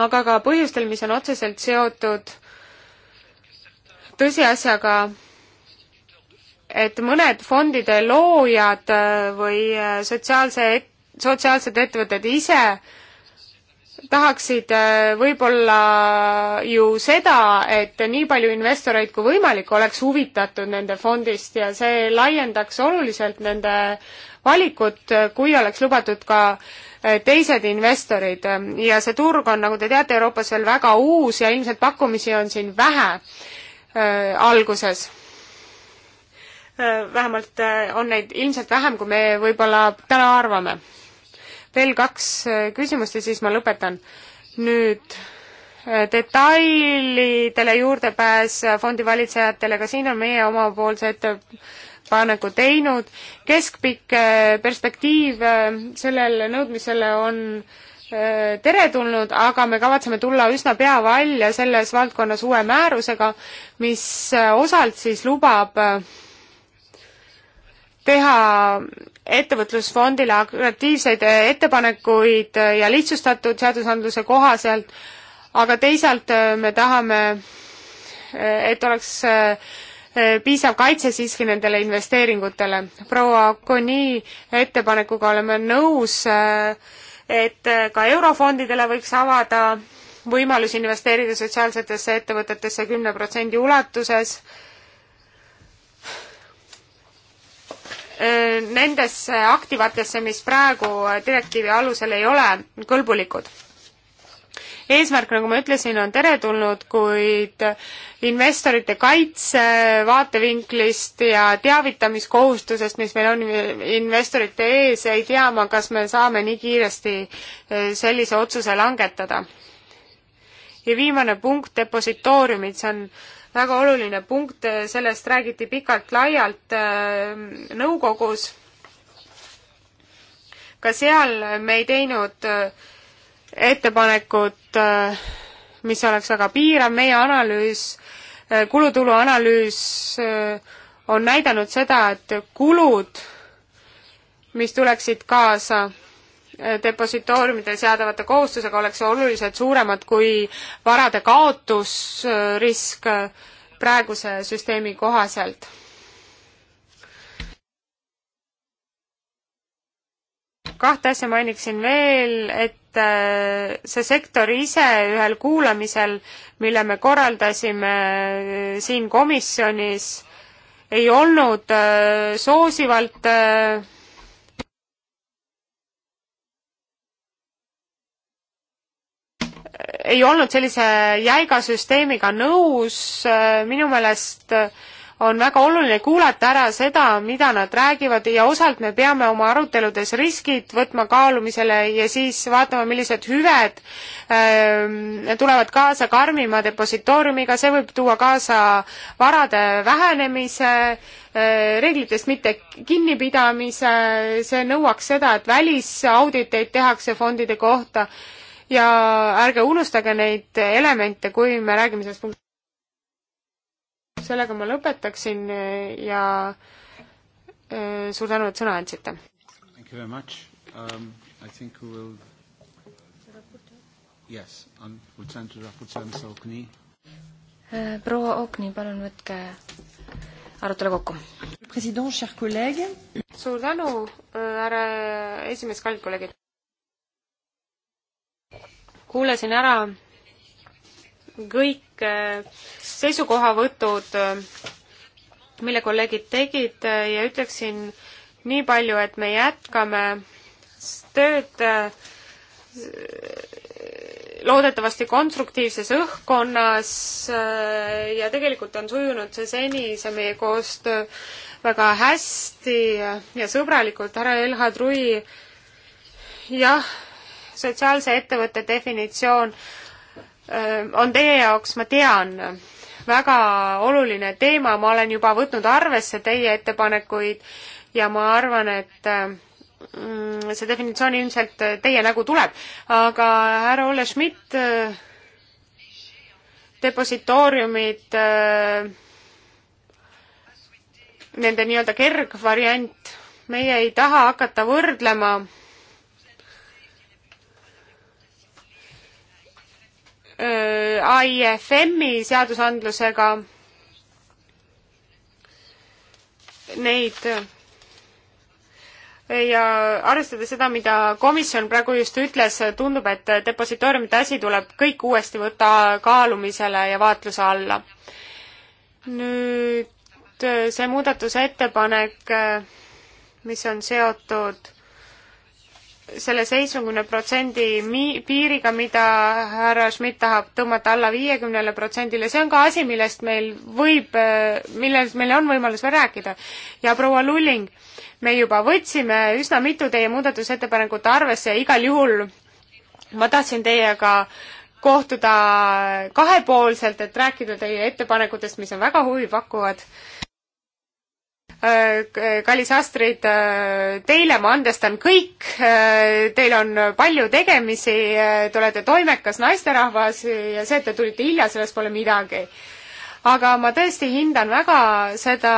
[SPEAKER 2] aga ka põhjustel, mis on otseselt seotud tõsiasjaga, et mõned fondide loojad äh, või äh, sotsiaalse, sotsiaalsed ettevõtted ise tahaksid äh, võib-olla ju seda, et nii palju investoreid kui võimalik oleks huvitatud nende fondist ja see laiendaks oluliselt nende valikut, kui oleks lubatud ka äh, teised investorid ja see turg on, nagu te teate, Euroopas veel väga uus ja ilmselt pakkumisi on siin vähe äh, alguses äh,. vähemalt äh, on neid ilmselt vähem, kui me võib-olla täna arvame veel kaks äh, küsimust ja siis ma lõpetan. nüüd äh, detailidele juurdepääs fondivalitsejatele, ka siin on meie omapoolse ettepaneku teinud. keskpikk äh, perspektiiv sellele nõudmisele on teretulnud, aga me kavatseme tulla üsna pea välja selles valdkonnas uue määrusega, mis osalt siis lubab teha ettevõtlusfondile aktiivseid ettepanekuid ja lihtsustatud seadusandluse kohaselt, aga teisalt äh, me tahame, äh, et oleks äh, piisav kaitse siiski nendele investeeringutele. proua Koni ettepanekuga oleme nõus, et ka eurofondidele võiks avada võimalus investeerida sotsiaalsetesse ettevõtetesse kümne protsendi ulatuses Äh, nendesse aktivatesse, mis praegu direktiivi alusel ei ole kõlbulikud eesmärk, nagu ma ütlesin, on teretulnud, kuid investorite kaitse vaatevinklist ja teavitamiskohustusest, mis meil on investorite ees, ei tea ma, kas me saame nii kiiresti äh, sellise otsuse langetada. ja viimane punkt, depositooriumid, see on väga oluline punkt, sellest räägiti pikalt-laialt äh, nõukogus. ka seal me ei teinud äh, ettepanekut, äh, mis oleks väga piirav, meie analüüs, kulutulu analüüs on näidanud seda, et kulud, mis tuleksid kaasa depositooriumidele seadavate kohustusega oleks oluliselt suuremad kui varade kaotusrisk äh, praeguse süsteemi kohaselt. kahte asja mainiksin veel, et äh, see sektor ise ühel kuulamisel, mille me korraldasime äh, siin komisjonis, ei olnud soosivalt äh, ei olnud sellise jäiga süsteemiga nõus, minu meelest on väga oluline kuulata ära seda, mida nad räägivad ja osalt me peame oma aruteludes riskid võtma kaalumisele ja siis vaatama, millised hüved öö, ähm, tulevad kaasa karmima depositooriumiga, see võib tuua kaasa varade vähenemise, äh, reeglitest mitte kinnipidamise, see nõuaks seda, et välisauditeid tehakse fondide kohta ja ärge unustage neid elemente, kui me räägime sellest punktist. sellega ma lõpetaksin eh, ja eh, suur tänu, et sõna andsite.
[SPEAKER 3] Thank you very much um,. I think we will yes, and um, we'll turn to raportöör Ms Okni.
[SPEAKER 2] Eh, proua Okni,
[SPEAKER 3] palun võtke arutelu kokku. president,
[SPEAKER 2] suur tänu, härra esimees, kallid kolleegid kuulasin ära kõik äh, seisukohavõtud, äh, mille kolleegid tegid äh, ja ütleksin nii palju, et me jätkame tööd loodetavasti konstruktiivses õhkkonnas ja tegelikult on sujunud see seni, see meie koostöö väga hästi ja sõbralikult, härra Elha Trui jah, sotsiaalse ettevõtte definitsioon on teie jaoks, ma tean, väga oluline teema, ma olen juba võtnud arvesse teie ettepanekuid ja ma arvan, et mm, see definitsioon ilmselt teie nägu tuleb, aga härra Olle Schmidt, depositooriumid, nende nii-öelda kergvariant, meie ei taha hakata võrdlema AIFM-i äh, seadusandlusega neid äh, ja arvestades seda, mida komisjon praegu just ütles, tundub, et depositooriumite asi tuleb kõik uuesti võtta kaalumisele ja vaatluse alla. nüüd äh, see muudatusettepanek, mis on seotud selle seitsmekümne protsendi piiriga, mida härra Schmidt tahab tõmmata alla viiekümnele protsendile, see on ka asi, millest meil võib, millest meil on võimalus veel rääkida. ja proua Lulling, me juba võtsime üsna mitu teie muudatusettepanekut arvesse ja igal juhul ma tahtsin teiega kohtuda kahepoolselt, et rääkida teie ettepanekutest, mis on väga huvipakkuvad Äh, kallis Astrid, äh, teile ma andestan kõik, äh, teil on palju tegemisi, te olete toimekas naisterahvas ja see, et te tulite hilja, sellest pole midagi. aga ma tõesti hindan väga seda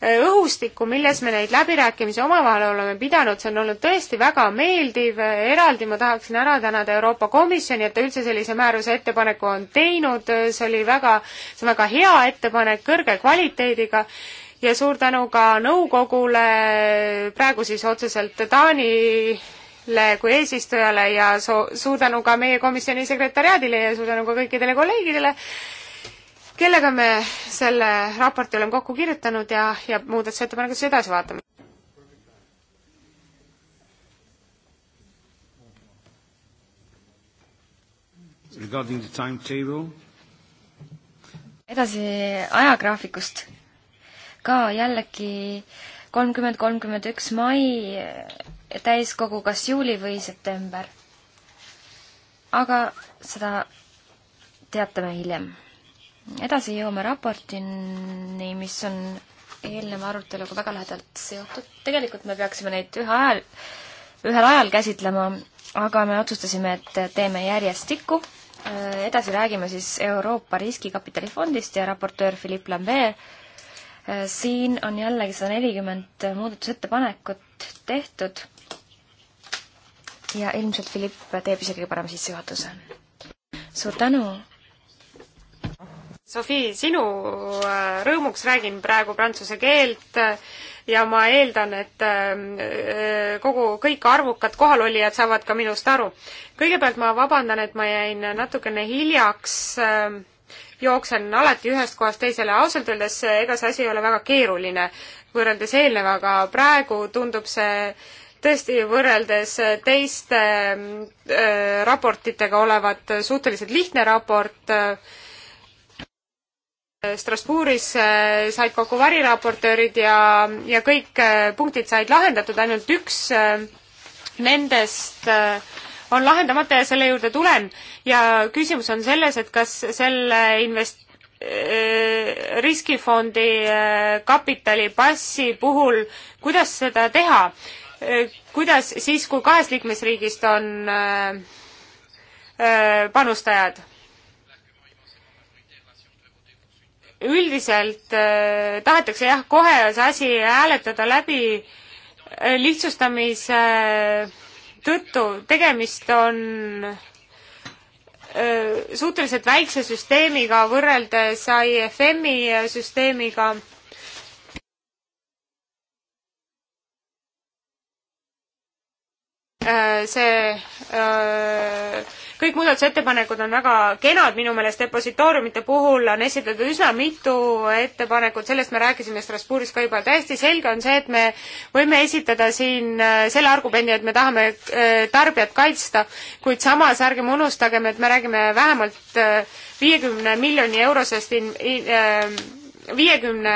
[SPEAKER 2] õhustikku, milles me neid läbirääkimisi omavahel oleme pidanud, see on olnud tõesti väga meeldiv, eraldi ma tahaksin ära tänada Euroopa Komisjoni, et ta üldse sellise määruse ettepaneku on teinud, see oli väga, see on väga hea ettepanek, kõrge kvaliteediga ja suur tänu ka nõukogule, praegu siis otseselt Taanile kui eesistujale ja so-, suur tänu ka meie komisjoni sekretäriaadile ja suur tänu ka kõikidele kolleegidele, kellega me selle raporti oleme kokku kirjutanud ja, ja muudatusettepanekud siis edasi vaatame. regarding the timetable.
[SPEAKER 3] edasi ajagraafikust ka jällegi kolmkümmend, kolmkümmend üks mai täiskogu, kas juuli või september. aga seda teatame hiljem. edasi jõuame raportini, mis on eelneva aruteluga väga lähedalt seotud. tegelikult me peaksime neid ühe ajal, ühel ajal käsitlema, aga me otsustasime, et teeme järjestikku. edasi räägime siis Euroopa Riskikapitalifondist ja raportöör Philippe Lambert siin on jällegi sada nelikümmend muudatusettepanekut tehtud ja ilmselt Philipp teeb isegi parema sissejuhatuse. suur tänu!
[SPEAKER 2] Sofi, sinu äh, rõõmuks räägin praegu prantsuse keelt äh, ja ma eeldan, et äh, kogu, kõik arvukad kohalolijad saavad ka minust aru. kõigepealt ma vabandan, et ma jäin natukene hiljaks äh, jooksen alati ühest kohast teisele, ausalt öeldes ega see asi ei ole väga keeruline võrreldes eelnevaga, praegu tundub see tõesti võrreldes teiste äh, raportitega olevat suhteliselt lihtne raport äh,, Strasbourgis äh, said kokku variraportöörid ja, ja kõik äh, punktid said lahendatud, ainult üks äh, nendest äh, on lahendamata ja selle juurde tulen. ja küsimus on selles, et kas selle invest-, äh, riskifondi äh, kapitalipassi puhul, kuidas seda teha? Äh, kuidas siis, kui kahest liikmesriigist on panustajad? üldiselt tahetakse jah, kohe see asi hääletada läbi lihtsustamise äh, tõttu tegemist on suhteliselt väikse süsteemiga võrreldes IFM-i süsteemiga Äh, see äh, kõik muudatusettepanekud on väga kenad minu meelest, depositooriumite puhul on esitatud üsna mitu ettepanekut, sellest me rääkisime Strasbourgis ka juba, täiesti selge on see, et me võime esitada siin äh, selle argumendi, et me tahame tarbijat kaitsta, kuid samas ärgem unustagem, et me räägime vähemalt viiekümne miljoni eurosest in-, viiekümne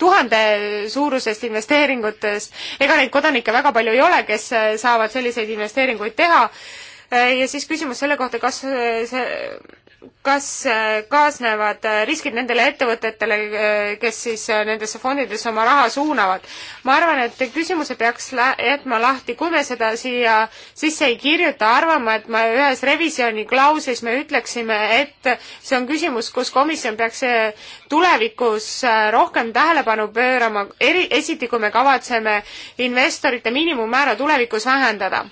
[SPEAKER 2] tuhande suurusest investeeringutes, ega neid kodanikke väga palju ei ole, kes äh, saavad selliseid investeeringuid teha äh, ja siis küsimus selle kohta, kas äh, see kas äh, kaasnevad äh, riskid nendele ettevõtetele, äh, kes siis nendesse fondidesse oma raha suunavad. ma arvan, et küsimuse peaks jätma lahti, kui me seda siia sisse ei kirjuta, arvama, et me ühes revisjoni klauslis me ütleksime, et see on küsimus, kus komisjon peaks tulevikus rohkem tähelepanu pöörama, eri, esiti kui me kavatseme investorite miinimummäära tulevikus vähendada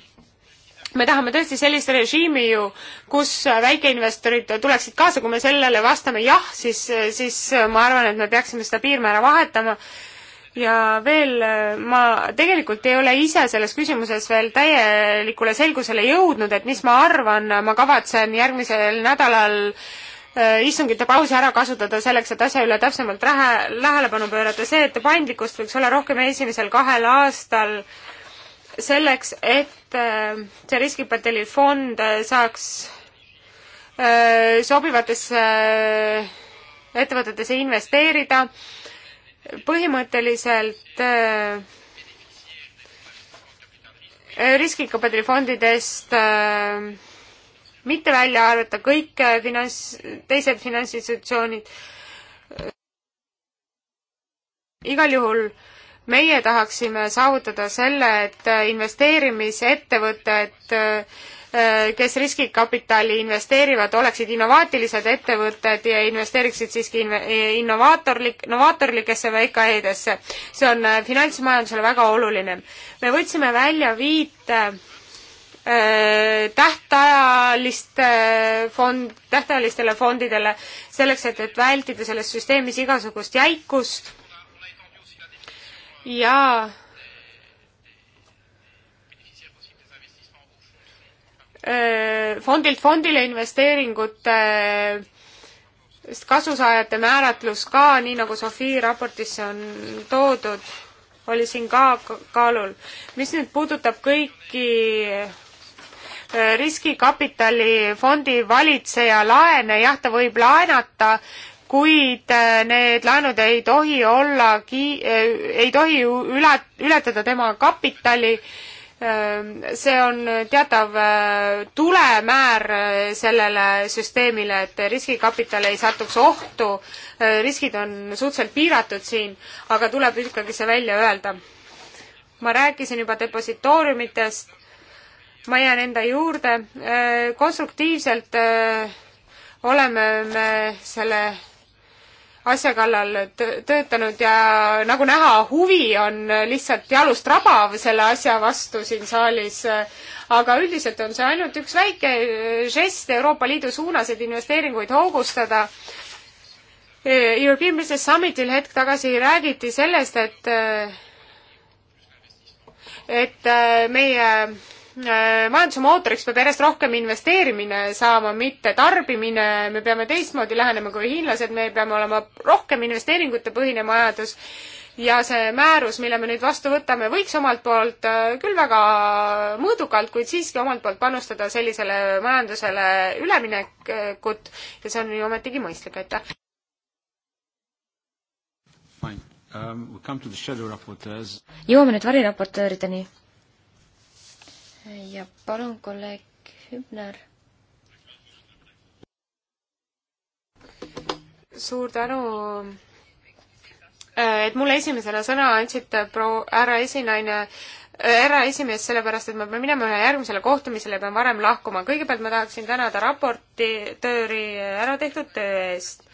[SPEAKER 2] me tahame tõesti sellist režiimi ju, kus väikeinvestorid tuleksid kaasa, kui me sellele vastame jah, siis, siis ma arvan, et me peaksime seda piirmäära vahetama. ja veel, ma tegelikult ei ole ise selles küsimuses veel täielikule selgusele jõudnud, et mis ma arvan, ma kavatsen järgmisel nädalal äh, istungite pausi ära kasutada selleks, et asja üle täpsemalt lähe, tähelepanu pöörata. see, et paindlikkust võiks olla rohkem esimesel kahel aastal selleks, et et äh, see riskipõlvefond äh, saaks äh, sobivatesse ettevõtetesse investeerida. põhimõtteliselt riskikapitaalifondidest mitte välja arvata kõik finants, teised finantsinstitutsioonid. igal juhul äh, meie tahaksime saavutada selle, et investeerimisettevõtted, äh, äh, kes riskikapitali investeerivad, oleksid innovaatilised ettevõtted ja investeeriksid siiski innovaatorlik, innovaatorlikesse VKE-desse. see on äh, finantsmajandusele väga oluline. me võtsime välja viite tähtajaliste fond, tähtajalistele fondidele selleks, et, et vältida selles süsteemis igasugust jäikust ja äh, fondilt fondile investeeringute äh, kasusaajate määratlus ka, nii nagu Sofii raportisse on toodud, oli siin ka kaalul. mis nüüd puudutab kõiki äh, riskikapitali fondi valitseja laene, jah, ta võib laenata kuid äh, need laenud ei tohi olla, äh, ei tohi üle, ületada tema kapitali. Ähm, see on teatav äh, tulemäär sellele süsteemile, et riskikapital ei satuks ohtu. riskid on suhteliselt piiratud siin, aga tuleb ikkagi see välja öelda. ma rääkisin juba depositooriumitest, ma jään enda juurde. konstruktiivselt oleme me selle asja kallal töötanud ja nagu näha, huvi on lihtsalt jalust rabav selle asja vastu siin saalis. aga üldiselt on see ainult üks väike äh, žest Euroopa Liidu suunas, et investeeringuid hoogustada. Äh, European Business Summitil hetk tagasi räägiti sellest, et äh, et meie Äh, majanduse mootoriks peab järjest rohkem investeerimine saama, mitte tarbimine, me peame teistmoodi lähenema kui hiinlased, me peame olema rohkem investeeringute põhine majandus ja see määrus, mille me nüüd vastu võtame, võiks omalt poolt äh, küll väga mõõdukalt, kuid siiski omalt poolt panustada sellisele majandusele üleminekut ja see on ju ometigi mõistlik, aitäh. Um,
[SPEAKER 3] jõuame nüüd variraportöörideni ja palun, kolleeg
[SPEAKER 2] Hübner. suur tänu, äh, et mulle esimesena sõna andsite, äh, proua härra esinaine äh, härra esimees, sellepärast et ma pean minema ühele järgmisele kohtumisele ja pean varem lahkuma. kõigepealt ma tahaksin tänada raportööri ära tehtud töö eest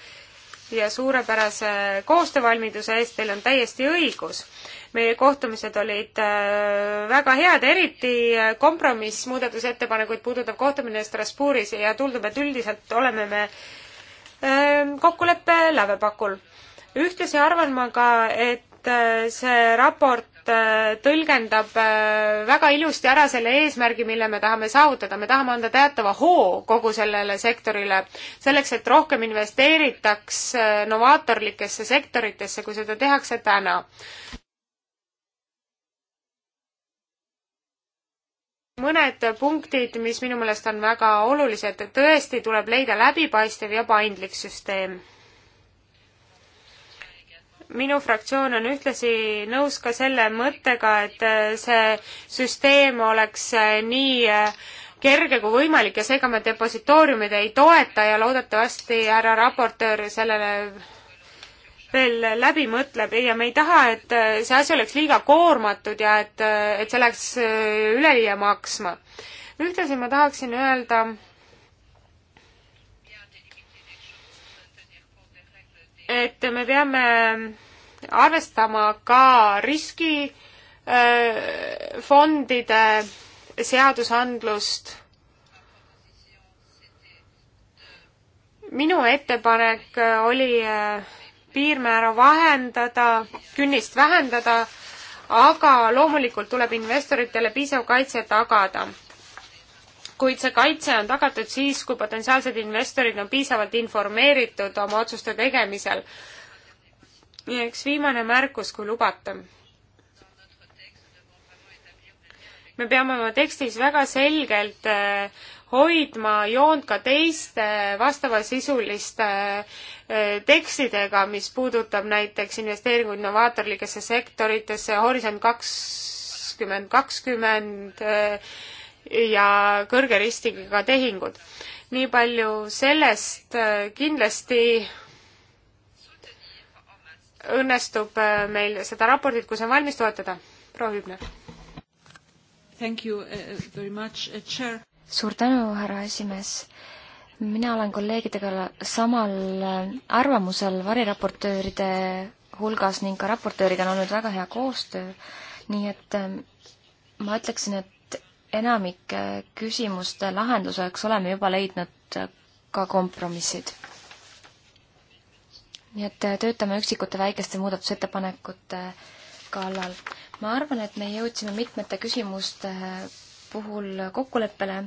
[SPEAKER 2] ja suurepärase koostöövalmiduse eest, teil on täiesti õigus. meie kohtumised olid äh, väga head, eriti äh, kompromiss muudatusettepanekuid puudutav kohtumine Strasbourgis ja tundub, et üldiselt oleme me ähm, kokkuleppe lävepakul. ühtlasi arvan ma ka, et äh, see raport raport äh, tõlgendab äh, väga ilusti ära selle eesmärgi, mille me tahame saavutada, me tahame anda teatava hoo kogu sellele sektorile, selleks et rohkem investeeritaks äh, novaatorlikesse sektoritesse, kui seda tehakse täna. mõned punktid, mis minu meelest on väga olulised, tõesti tuleb leida läbipaistev ja paindlik süsteem minu fraktsioon on ühtlasi nõus ka selle mõttega, et äh, see süsteem oleks äh, nii äh, kerge kui võimalik ja seega me depositooriumid ei toeta ja loodetavasti härra raportöör sellele veel läbi mõtleb ja me ei taha, et see asi oleks liiga koormatud ja et, et see läheks üleliia maksma. ühtlasi ma tahaksin öelda, et me peame arvestama ka riskifondide äh, seadusandlust. minu ettepanek oli äh, piirmäära vahendada, künnist vähendada, aga loomulikult tuleb investoritele piisav kaitse tagada kuid see kaitse on tagatud siis, kui potentsiaalsed investorid on piisavalt informeeritud oma otsuste tegemisel. ja üks viimane märkus, kui lubate. me peame oma tekstis väga selgelt eh, hoidma joont ka teiste vastavasisuliste eh, tekstidega, mis puudutab näiteks investeeringuid innovaatorlikesse sektoritesse, Horisont kakskümmend kakskümmend, eh, ja kõrge ristiga tehingud. nii palju sellest kindlasti õnnestub äh, meil seda raportit, kui see on valmis, toetada. proua Hübner. Uh, uh, suur
[SPEAKER 3] tänu, härra esimees mina olen kolleegidega samal äh, arvamusel variraportööride hulgas ning ka raportööriga on olnud väga hea koostöö, nii et äh, ma ütleksin, et enamike äh, küsimuste lahenduseks oleme juba leidnud äh, ka kompromissid. nii et äh, töötame üksikute väikeste muudatusettepanekute kallal. ma arvan, et me jõudsime mitmete küsimuste puhul kokkuleppele.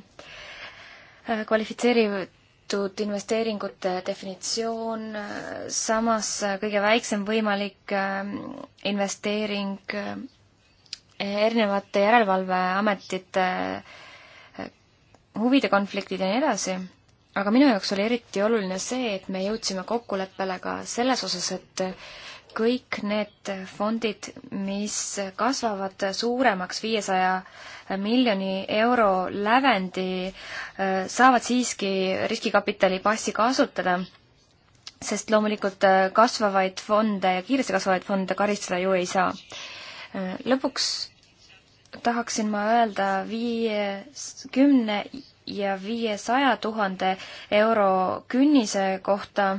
[SPEAKER 3] kvalifitseeritud investeeringute definitsioon, samas kõige väiksem võimalik investeering erinevate järelevalveametite huvide konfliktid ja nii edasi, aga minu jaoks oli eriti oluline see, et me jõudsime kokkuleppele ka selles osas, et kõik need fondid, mis kasvavad suuremaks viiesaja miljoni euro lävendi, saavad siiski riskikapitali passi kasutada sest loomulikult kasvavaid fonde ja kiiresti kasvavaid fonde karistada ju ei saa lõpuks tahaksin ma öelda viie, kümne ja viiesaja tuhande euro künnise kohta.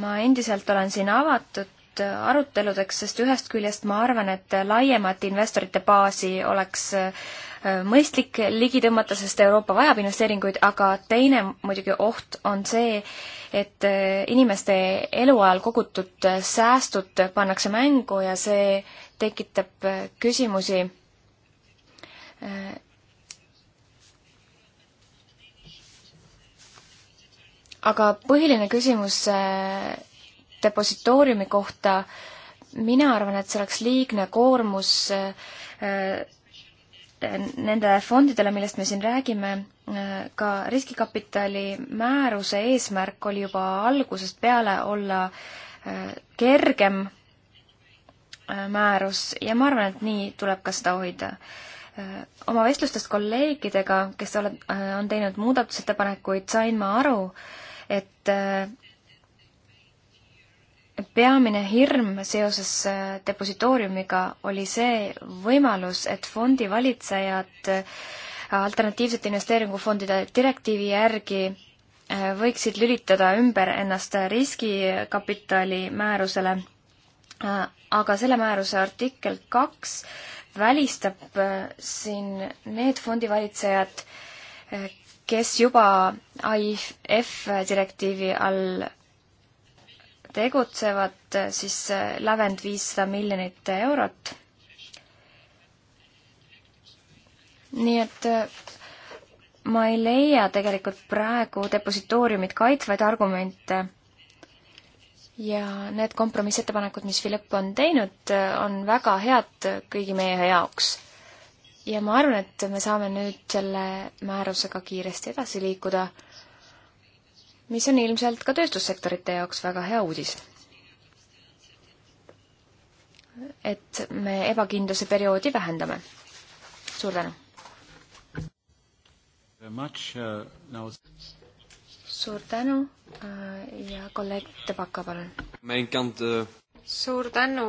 [SPEAKER 3] ma endiselt olen siin avatud aruteludeks, sest ühest küljest ma arvan, et laiemat investorite baasi oleks mõistlik ligi tõmmata, sest Euroopa vajab investeeringuid, aga teine muidugi oht on see, et äh, inimeste eluajal kogutud säästud pannakse mängu ja see tekitab äh, küsimusi äh. aga põhiline küsimus depositooriumi kohta, mina arvan, et see oleks liigne koormus nendele fondidele, millest me siin räägime, ka riskikapitali määruse eesmärk oli juba algusest peale olla äh, kergem äh, määrus ja ma arvan, et nii tuleb ka seda hoida. Äh, oma vestlustest kolleegidega, kes oled, on teinud muudatusettepanekuid, sain ma aru, et peamine hirm seoses äh, depositooriumiga oli see võimalus, et fondi valitsejad äh, alternatiivsete investeeringufondide direktiivi järgi äh, võiksid lülitada ümber ennast riskikapitali määrusele, aga selle määruse artikkel kaks välistab siin need fondivalitsejad, kes juba AIF direktiivi all tegutsevad, siis lävend viissada miljonit eurot. nii et äh, ma ei leia tegelikult praegu depositooriumit kaitsvaid argumente ja need kompromissettepanekud, mis Philipp on teinud, äh, on väga head kõigi meie jaoks. ja ma arvan, et me saame nüüd selle määrusega kiiresti edasi liikuda mis on ilmselt ka tööstussektorite jaoks väga hea uudis. et me ebakindluse perioodi vähendame. suur tänu! suur tänu äh, ja kolleeg Tebaka,
[SPEAKER 2] palun! suur tänu,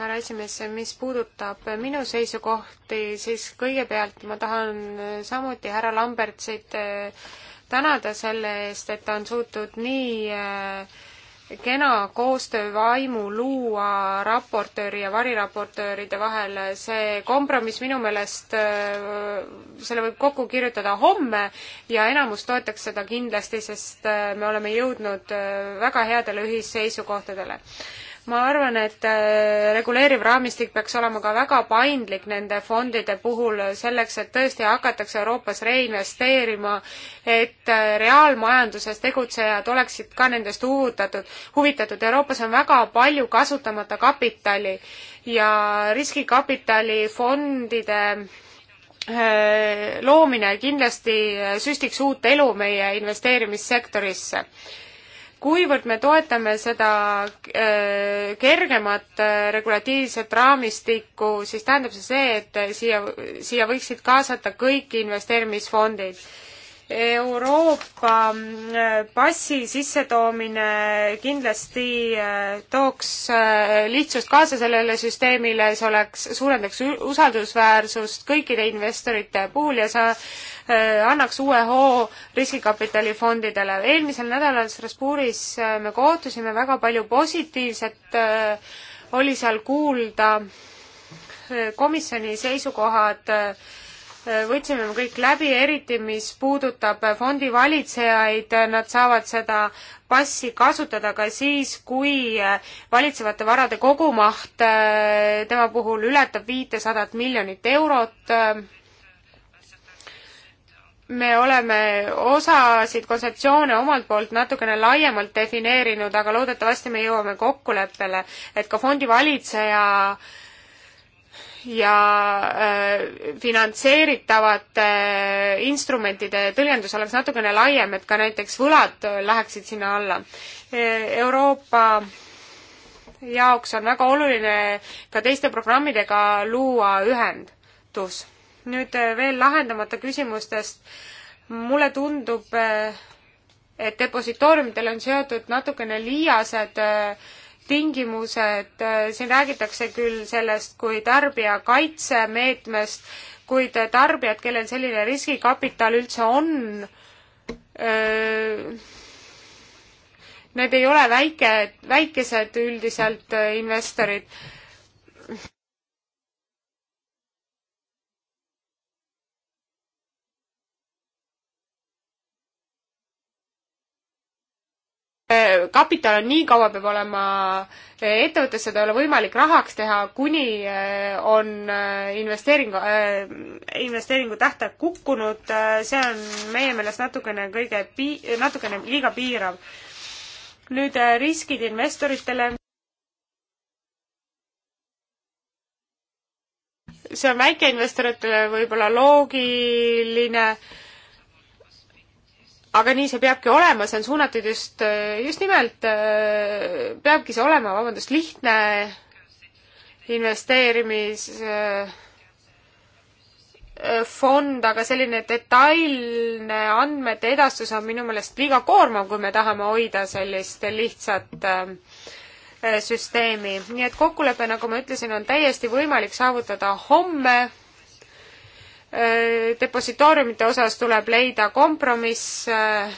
[SPEAKER 2] härra esimees, mis puudutab minu seisukohti, siis kõigepealt ma tahan samuti härra Lambertsit äh, tänada selle eest, et ta on suutnud nii äh, kena koostöövaimu luua raportööri ja variraportööride vahel. see kompromiss minu meelest, äh, selle võib kokku kirjutada homme ja enamus toetaks seda kindlasti, sest äh, me oleme jõudnud väga headele ühisseisukohtadele ma arvan, et äh, reguleeriv raamistik peaks olema ka väga paindlik nende fondide puhul selleks, et tõesti hakatakse Euroopas reinvesteerima, et äh, reaalmajanduses tegutsejad oleksid ka nendest huvitatud, huvitatud. Euroopas on väga palju kasutamata kapitali ja riskikapitalifondide äh, loomine kindlasti süstiks uut elu meie investeerimissektorisse kuivõrd me toetame seda äh, kergemat äh, regulatiivset raamistikku, siis tähendab see see, et siia, siia võiksid kaasata kõik investeerimisfondid Euroopa äh, passi sissetoomine kindlasti äh, tooks äh, lihtsust kaasa sellele süsteemile, see oleks, suurendaks usaldusväärsust kõikide investorite puhul ja see annaks uue hoo riskikapitalifondidele. eelmisel nädalal Strasbourgis me kohtusime, väga palju positiivset oli seal kuulda, komisjoni seisukohad Äh, võtsime me kõik läbi, eriti mis puudutab äh, fondivalitsejaid, äh, nad saavad seda passi kasutada ka siis, kui valitsevate varade kogumaht tema puhul ületab viitesadat miljonit eurot. me oleme osasid kontseptsioone omalt poolt natukene laiemalt defineerinud, aga loodetavasti me jõuame kokkuleppele, et ka fondivalitseja äh, ja äh, finantseeritavate äh, instrumentide tõlgendus oleks natukene laiem, et ka näiteks võlad äh, läheksid sinna alla. Euroopa jaoks on väga oluline ka teiste programmidega luua ühendus. nüüd veel lahendamata küsimustest. mulle tundub, et depositooriumidel on seotud natukene liiased äh, tingimused, äh, siin räägitakse küll sellest kui tarbijakaitsemeetmest, kuid tarbijad, kellel selline riskikapital üldse on, äh, need ei ole väike, väikesed üldiselt äh, investorid kapital on nii kaua peab olema ettevõttes, seda ei ole võimalik rahaks teha, kuni eh, on eh, investeeringu, eh, investeeringu tähtaeg kukkunud, see on meie meelest natukene kõige pii-, natukene liiga piirav. nüüd riskid investoritele. see on väikeinvestoritele võib-olla loogiline aga nii see peabki olema, see on suunatud just, just nimelt, peabki see olema, vabandust, lihtne investeerimisfond, aga selline detailne andmete edastus on minu meelest liiga koormav, kui me tahame hoida sellist lihtsat süsteemi. nii et kokkulepe, nagu ma ütlesin, on täiesti võimalik saavutada homme Äh, depositooriumite osas tuleb leida kompromiss, äh,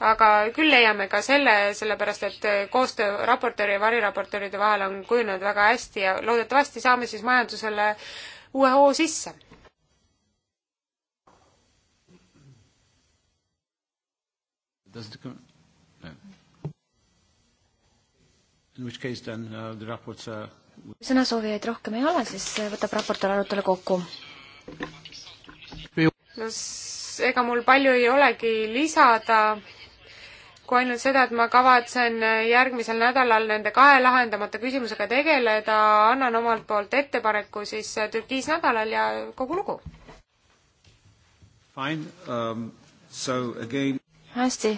[SPEAKER 2] aga küll leiame ka selle, sellepärast et äh, koostöö raportööri ja variraportööride vahel on kujunenud väga hästi ja loodetavasti saame siis majandusele uue hoo sisse.
[SPEAKER 1] Does it come? No. In which case then uh, the raports are...
[SPEAKER 3] sõnasoovijaid rohkem ei ole, siis võtab raportöör arutelu kokku
[SPEAKER 2] no ega mul palju ei olegi lisada, kui ainult seda, et ma kavatsen järgmisel nädalal nende kahe lahendamata küsimusega tegeleda, annan omalt poolt ettepaneku siis Türgis nädalal ja kogu lugu.
[SPEAKER 3] Um, again... hästi,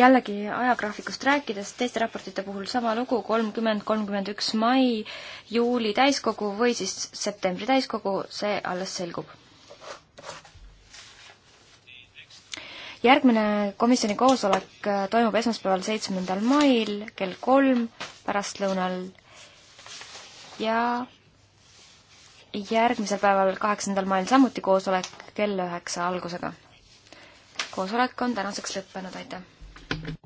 [SPEAKER 3] jällegi ajagraafikust rääkides, teiste raportite puhul sama lugu, kolmkümmend, kolmkümmend üks mai, juuli täiskogu või siis septembri täiskogu, see alles selgub järgmine komisjoni koosolek äh, toimub esmaspäeval, seitsmendal mail kell kolm pärastlõunal ja järgmisel päeval, kaheksandal mail samuti koosolek kell üheksa algusega. koosolek on tänaseks lõppenud,
[SPEAKER 1] aitäh!